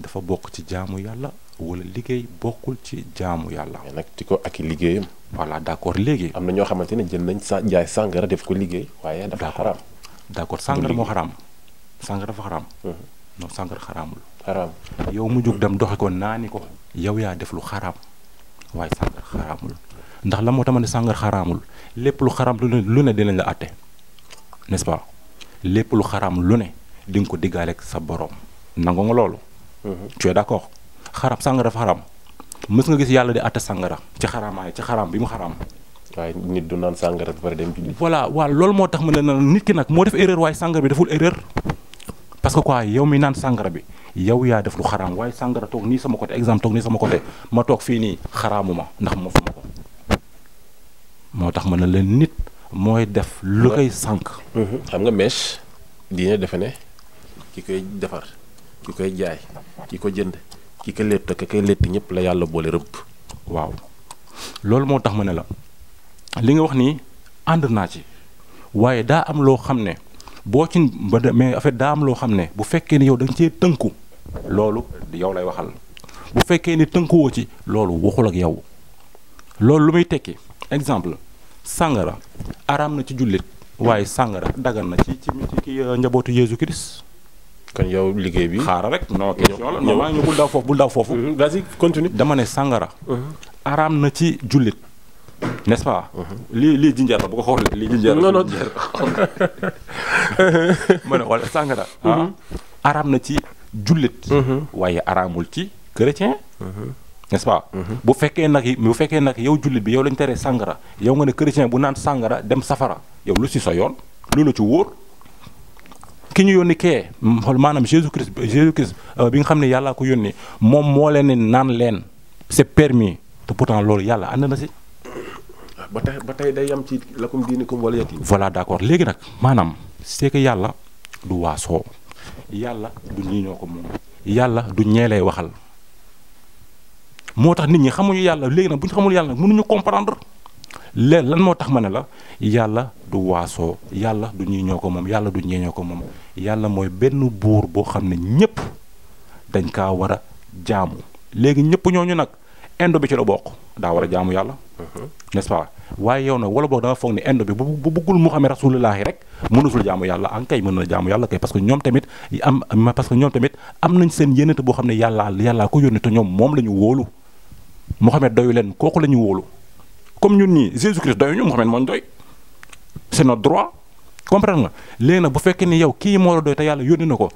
dafa bokk ci jaamu yàlla wala liggéey bokkul ci jaamu yàlla. mais nag ti ko ak i liggéeyam. voilà d'accord léegi. am na ñoo xamante ne jël nañ sa jaay sàngara def ko liggéey. waaye dafa xaraam d'accord sàngara moo xaraam. sàngara dafa xaraam. Mhm. yow mu jóg dem doxe ko naani ko. yow yaa def lu xaraam. waaye sàngar xaraamul ndax la moo tax ma ne sàngar xaraamul lépp lu xaraam lu ne lu ne dinañ la àtte n'est-ce pas lépp lu xaraam lu ne di nga ko diggaale ak sa borom nangu nga loolu. Mhm. tu es d'accord xaraam sàngara dafa xaraam mës nga gis yàlla di àtte sàngara ci xaraamaay ci xaraam bi mu xaraam. waaye nit du naan sàngara ba pare dem. voilà waaw loolu moo tax ma ne nit ki nag moo def erreur waaye sàngara bi deful erreur. parce que quoi yow mi naan sàngara bi yow yaa def lu xaraam waaye sàngara toog nii sama côté exemple toog nii sama côté ma toog fii nii xaraamu ma ndax ma fa ko moo tax ma na leen nit mooy def lu koy sànq. Mhm. xam nga mèche dina defe ne ki koy defar ki koy jaay ki ko jënd ki ko létt ki koy létt ñëpp la yàlla boole rëbb. waaw loolu moo tax ma ne la li nga wax nii ànd naa ci waaye daa am loo xam ne. boo ci ba mais en fait am loo xam ne bu fekkee ni yow da nga cee tënku loolu yow lay waxal bu fekkee ni tënkuwoo ci loolu waxul ak yow loolu lu muy tekki exemple sàngara araam na ci jullit waaye sàngara dagan na ci ci ki euh, njabootu Yeesu Christ kon yow liggéey bi xaaral rek non question la non bul daw foofu bul daw foofu mm-hmm, dama ne sàngara araam na ci jullit n'est-ce pas. lii lii jinjeer la bu ko xoolee lii jinjeer la. non non ma sàngara. Ah, mhm. araam na ci jullit. Mhm. waaye araamul ci chrétien. Mhm. nest pas. bu fekkee nag bu fekkee nag yow jullit bi yow lañ teree sàngara yow nga ne chrétien bu naan sàngara dem safara yow lu si sa yoon lu la ci wóor. ki ñu yónni kee xool maanaam Jésus Christ Jésus Christ euh, bi nga xam ne yàllaa ko yónni moom moo leen ne naan leen c'est permis te pourtant loolu yàlla ànd na si. ba tey ba tey day yam ci lakum diinikum wala yati voilà d'accord léegi nag maanaam c'est yàlla du waasoo yàlla du ñii ko moom yàlla du ñee lay waxal moo tax nit ñi xamuñu yàlla léegi nag bu xamul yàlla nag mënuñu comprendre lan moo tax ma ne la yàlla du waasoo yàlla du ñii ñoo ko moom yàlla du ñee ko moom yàlla mooy benn buur boo xam ne ñépp dañ kaa war a jaamu léegi ñépp ñooñu nag indo bi ci la bokk daa war jaamu yàlla n'est-ce pas waaye yow nag wala boog dama foog ni indo bi bu bu bëggul Muhammad Rasulullahi rek mënatul jaamu yàlla an kay mën na jaamu yàlla kay parce que ñoom tamit am parce que ñoom tamit am nañ seen yénente boo xam ne yàllaa yàllaa ko yónni te ñoom moom la ñu wóolu Muhammad doyu leen kooku la ñu wóolu comme ñun ñii Jésus-Christ doyu ñu Muhammad mooñ doy c'est notre droit comprendre nga léegi nag bu fekkee ni yow kii moo la doy te yàlla yónni na ko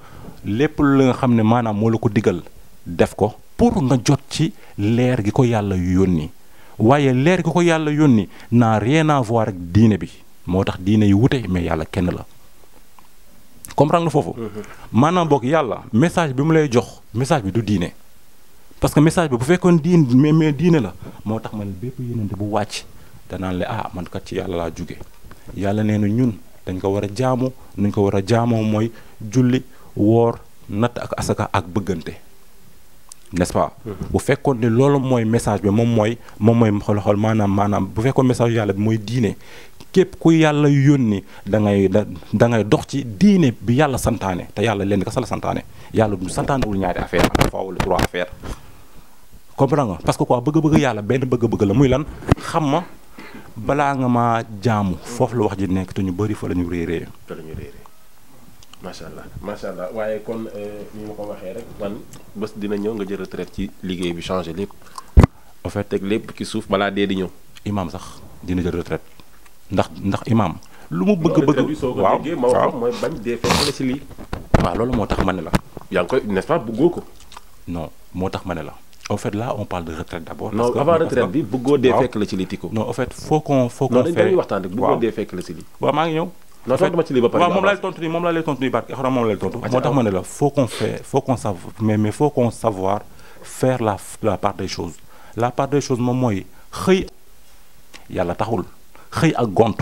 lépp la nga xam ne maanaam moo la ko digal def ko pour nga jot ci leer gi ko yàlla yónni waaye leer gi ko yàlla yónni naa rien à voir ak diine bi moo tax diine yi wute mais yàlla kenn la comprendre nga foofu. Mhm. maanaam boog yàlla message bi mu lay jox message bi du diine. parce que message bi bu fekkoon diin mais mais diine la moo tax man bépp yénante bu wàcc danaa la ah man kat ci yàlla laa jóge yàlla nee na ñun dañ ko war a jaamu nuñ ko war a jaamoo mooy julli woor natt ak asaka ak bëggante n'est-ce pas. Mhm. bu fekkoon ne loolu mooy message bi moom mooy moom mooy xool xool maanaam maanaam bu fekkoon message yàlla bi mooy diine képp ku yàlla yónni da ngay da da ngay dox ci diine bi yàlla santaane te yàlla leen kese la santaane yàlla du santaanewul ñaari affaire à la fois wala trois affaire comprends nga parce que quoi bëgg-bëgg yàlla benn bëgg-bëgg la muy lan xam ma balaa nga maa jaamu foofu la wax ji nekk te ñu bëri fa la ñu réeree. fa réeree. macha allah macha allah waaye kon euh, ni ma ko waxee rek man bés dina ñëw nga jël retraite ci liggéey bi changé lépp. ba fa teg lépp ci suuf balaa dee di ñëw. imaam sax dina jël retraite ndax ndax imaam. lu mu bëgg bëgg waaw waaw mooy bañ dee fekk la ci lii. waaw loolu moo tax ma ne la. yaa ngi koy n'est-ce pas ko. non moo tax ma ne la. au fait là on parle de bi bëggoo dee fekk la ci lii tiko. non au fait faut qu'on faut qu'on. non waxtaan rek bëggoo dee fekk la ci lii. waaw maa ngi ñëw. non tontu ma ci lii ba pare waaw moom laa lay tontu nii moom laa tontu nii barke xanaa moom laa tontu. moo tax ma ne la faut qu'on fait faut qu'on savoir mais mais faut qu'on savoir faire la part des choses la part de choses moom mooy xëy yàlla taxul xëy ak gont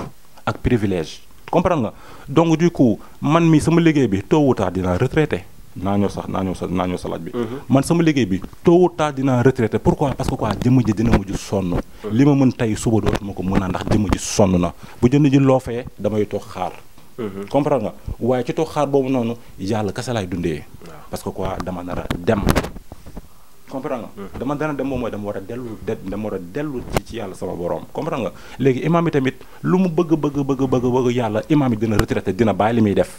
ak privilège comprendre nga donc du coup man mii sama liggéey bi tôt ou tard dinaa retraité naa ñëw sax naa ñëw sa naa ñëw sa bi. Mhm. man sama liggéey bi tôt ou tard dinaa retraité pourquoi parce que quoi jëmm ji dina mujj sonn. Mhm. li ma mën tey suba dootuma ko mën a ndax jëmm ji sonn na bu jënd ji loofee damay toog xaar. Mhm. comprendre nga waaye ci toog xaar boobu noonu yàlla kese laay dundee. parce que quoi dama nar dem. comprendre nga dama dana dem moom mooy dama war a dellu de dama war a dellu ci yàlla sama borom comprendre nga léegi imaam yi tamit lu mu bëgg bëgg bëgg bëgg bëgg yàlla imaam yi dina retraité dina bàyyi li muy def.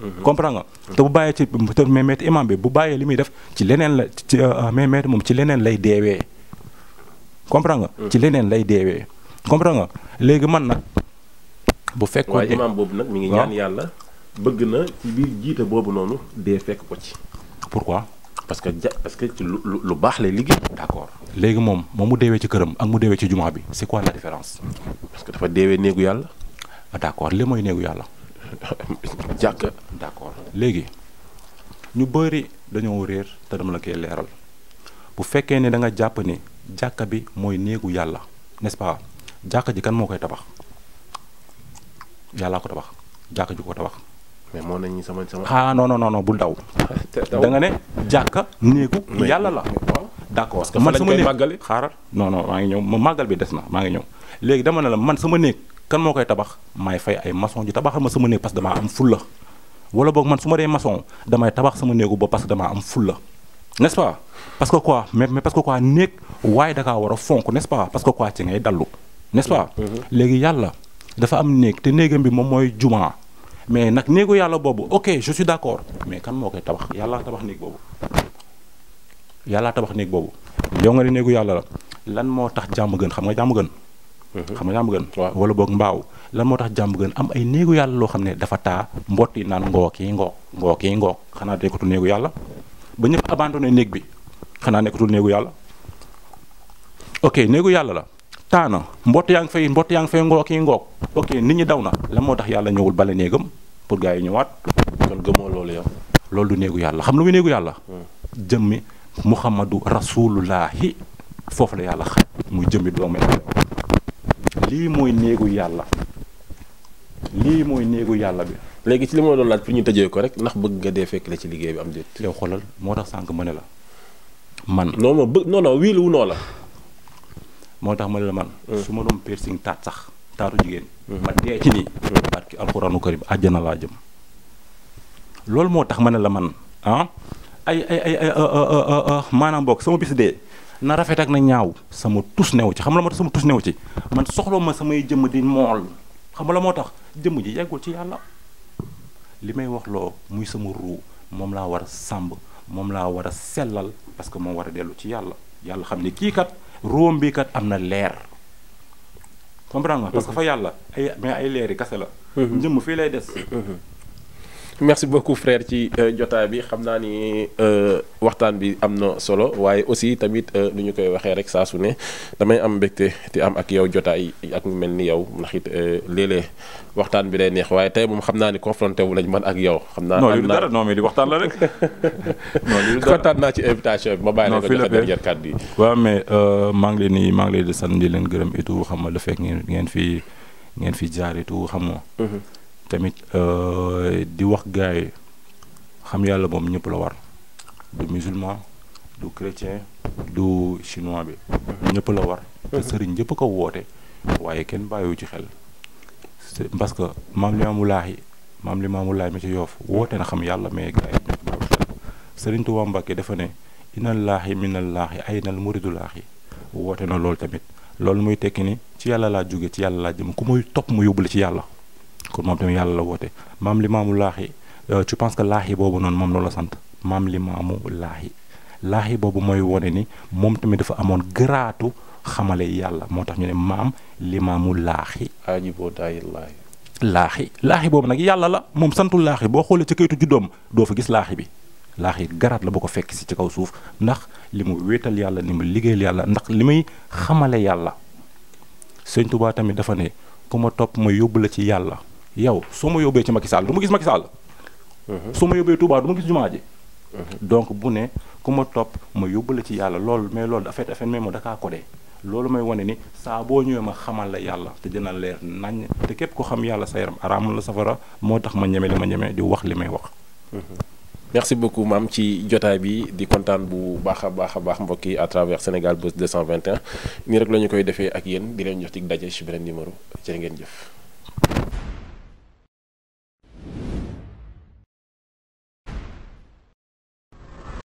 Mhm. comprends nga te bu bàyyee ci te mais maître imam bi bu bàyyee li muy def ci leneen la ci euh, euh, mais maître moom ci leneen lay deewee comprends nga mhm. ci leneen lay deewee comprends léegi man nag bu fekk waaye imam boobu nag mi ngi ñaan yàlla bëgg na ci biir jiite boobu noonu dee fekk ko ci pourquoi parce que ja parce que ci lu lu baax lay liggéey. d'accord léegi moom moom mu deewee ci këram ak mu deewee ci jumaa bi c'est quoi la différence. parce que dafa deewee néegu yàlla. d'accord li mooy néegu yàlla. jàkk d'accord léegi ñu bëri dañoo réer te dama la koy leeral bu fekkee ne da nga jàpp ni jàkka bi mooy néegu yàlla n'est-ce pas jàkka ji kan moo koy tabax yàllaa ko tabax jàkka ji ko tabax. mais moo nañ sama sama. ah non non non bul daw. da nga ne jàkka néegu. yàlla la d'accord. parce que man sama néeg xaaral non non maa ngi ñëw ma màggal bi des na maa ngi ñëw léegi dama ne la man sama néeg. kan moo koy tabax maay fay ay maçon ju tabaxal ma sama néeg parce que damaa am fulla wala boog man su ma dee maçon damay tabax sama néegu ba parce que damaa am fulla la ce pas parce que quoi mais mais parce que quoi néeg waaye da kaa war a fonk n'est-ce pas parce que quoi ci ngay dallu n'est-ce pas mm-hmm. léegi yàlla dafa am néeg te néegam bi moom mooy jumaa mais nag néegu yàlla boobu ok je suis d'accord mais kan moo koy tabax yàllaa tabax néeg boobu yàllaa tabax néeg boobu yow nga ne néegu yàlla la lan moo tax jàmm gën xam nga jàmm gën Mhm. xam nga jàmm gën wala boog mbaaw lan moo tax jàmm gën am ay néegu yàlla loo xam ne dafa taa mbott yi naan ngoo kii ngoo ngoo kii ngoo xanaa nekkatul néegu yàlla ba ñëpp abandonné néeg bi xanaa nekkatul néegu yàlla ok néegu yàlla la taana mbott yaa ngi fay mbott yaa ngi fay ngoo kii ngoo nit ñi daw na lan moo tax yàlla ñëwul bale néegam pour gars yi ñëwaat kon gëmoo loolu yow loolu du néegu yàlla xam lu muy néegu yàlla hmm. jëmmi muhammadu rasulullahi foofu la yàlla xaj muy jëmmi doomu lii mooy néegu yàlla lii mooy néegu yàlla bi. léegi ci li ma doon laaj pour ñu tëjee ko rek ndax bëgg nga dee fekk la ci liggéey bi am déet. yow xoolal moo tax sànq ma ne la man. non non bë non non wii lu noo la. moo tax ma ne la man. su ma doon piercing taat sax taatu jigéen. ma dee ci nii. barki alxuraanu karim àjjana laa jëm. loolu moo tax ma ne la man ah ay ay ay maanaam bokk sama bis dee. na rafet ak na ñaaw sama tus newu ci xam la moo tax sama tus new ci man soxla ma samay jëmm di mool xam la moo tax jëmm ji yeggul ci yàlla li may wax loo muy sama ruu moom laa war a sàmb moom laa war a sellal parce que moom war a dellu ci yàlla yàlla xam ne kii kat ruum bii kat am na leer comprendre nga fa yàlla ay mais ay leeri kase la njëmm mm-hmm. fii lay des mm-hmm. merci beaucoup frère ci euh, jotaay bi xam naa ni euh, waxtaan bi am na solo waaye aussi tamit lu euh, ñu koy waxee rek saa su ne damay am mbekk te am ak yow jotaay ak ñu mel ni yow ndax it léeg waxtaan bi day neex waaye tey moom xam naa ni confronté wu lañ man ak yow. xam naa non li dara non mais li waxtaan la rek. non li dara kontaan naa ci invitation bi ma bàyyi la ko joxe dernier kàddu yi. waaw maa ngi leen di maa ngi leen di sant di leen gërëm et xam nga lu fekk ngeen ngeen fi ngeen fi jaar et tout xam nga. Mm-hmm. tamit euh, di wax gars xam yàlla moom ñëpp la war du musulman du chrétien du chinois bi ñëpp la war te mhm. sëriñ ñëpp ko woote waaye kenn bàyyiwu ci xel parce que maam Limaamu Laay maam Limaamu Laay mi ci yoof woote na xam yàlla mais gars yi ñoo ci bàyyiwu xel sëriñ Tuubaa Mbàkke dafa ne inal laaxi minal laaxi aynal muridu laaxi woote na loolu tamit loolu muy tekki ni ci yàlla laa jóge ci yàlla laa jëm ku muy topp mu yóbbule ci yàlla kon moom tamit yàlla la woote maam limaamu laaxi euh, tu penses que laaxi boobu noonu moom loola sant maam limaamu laaxi laaxi boobu mooy wone ni moom tamit dafa amoon garaatu xamale yàlla moo tax ñu ne maam limaamu laaxi laaxi laaxi boobu nag yàlla la moom santul laaxi boo xoolee ci kayitu juddoom doo fa gis laaxi bi laaxi garaat la bu ko fekk si ci kaw suuf ndax li mu wéetal yàlla li mu yàlla ndax li muy xamale yàlla sëñ Tuubaa tamit dafa ne topp ma yóbbu la ci yàlla yow soo ma yóbbee ci Macky saal du ma gis Macky Sall. Mhm. soo ma yóbbee Touba du ma gis jumaa mhm. donc bu ne ku ma topp ma yóbbu la ci yàlla loolu mais loolu dafay dafay mais moom ko dee loolu may wane ni saa ñëwee ma xamal la yàlla te dina leer nañ te képp ko xam yàlla sa yaram araamul la safara moo tax ma ñeme li ma ñeme di wax li may wax. Mhm. merci beaucoup maam ci jotaay bi di kontaan bu baax a baax a baax mbokk yi à travers Sénégal Buzz 221 nii rek la ñu koy defee ak yéen di leen jox dig daje ci beneen numéro jërë ngeen jëf.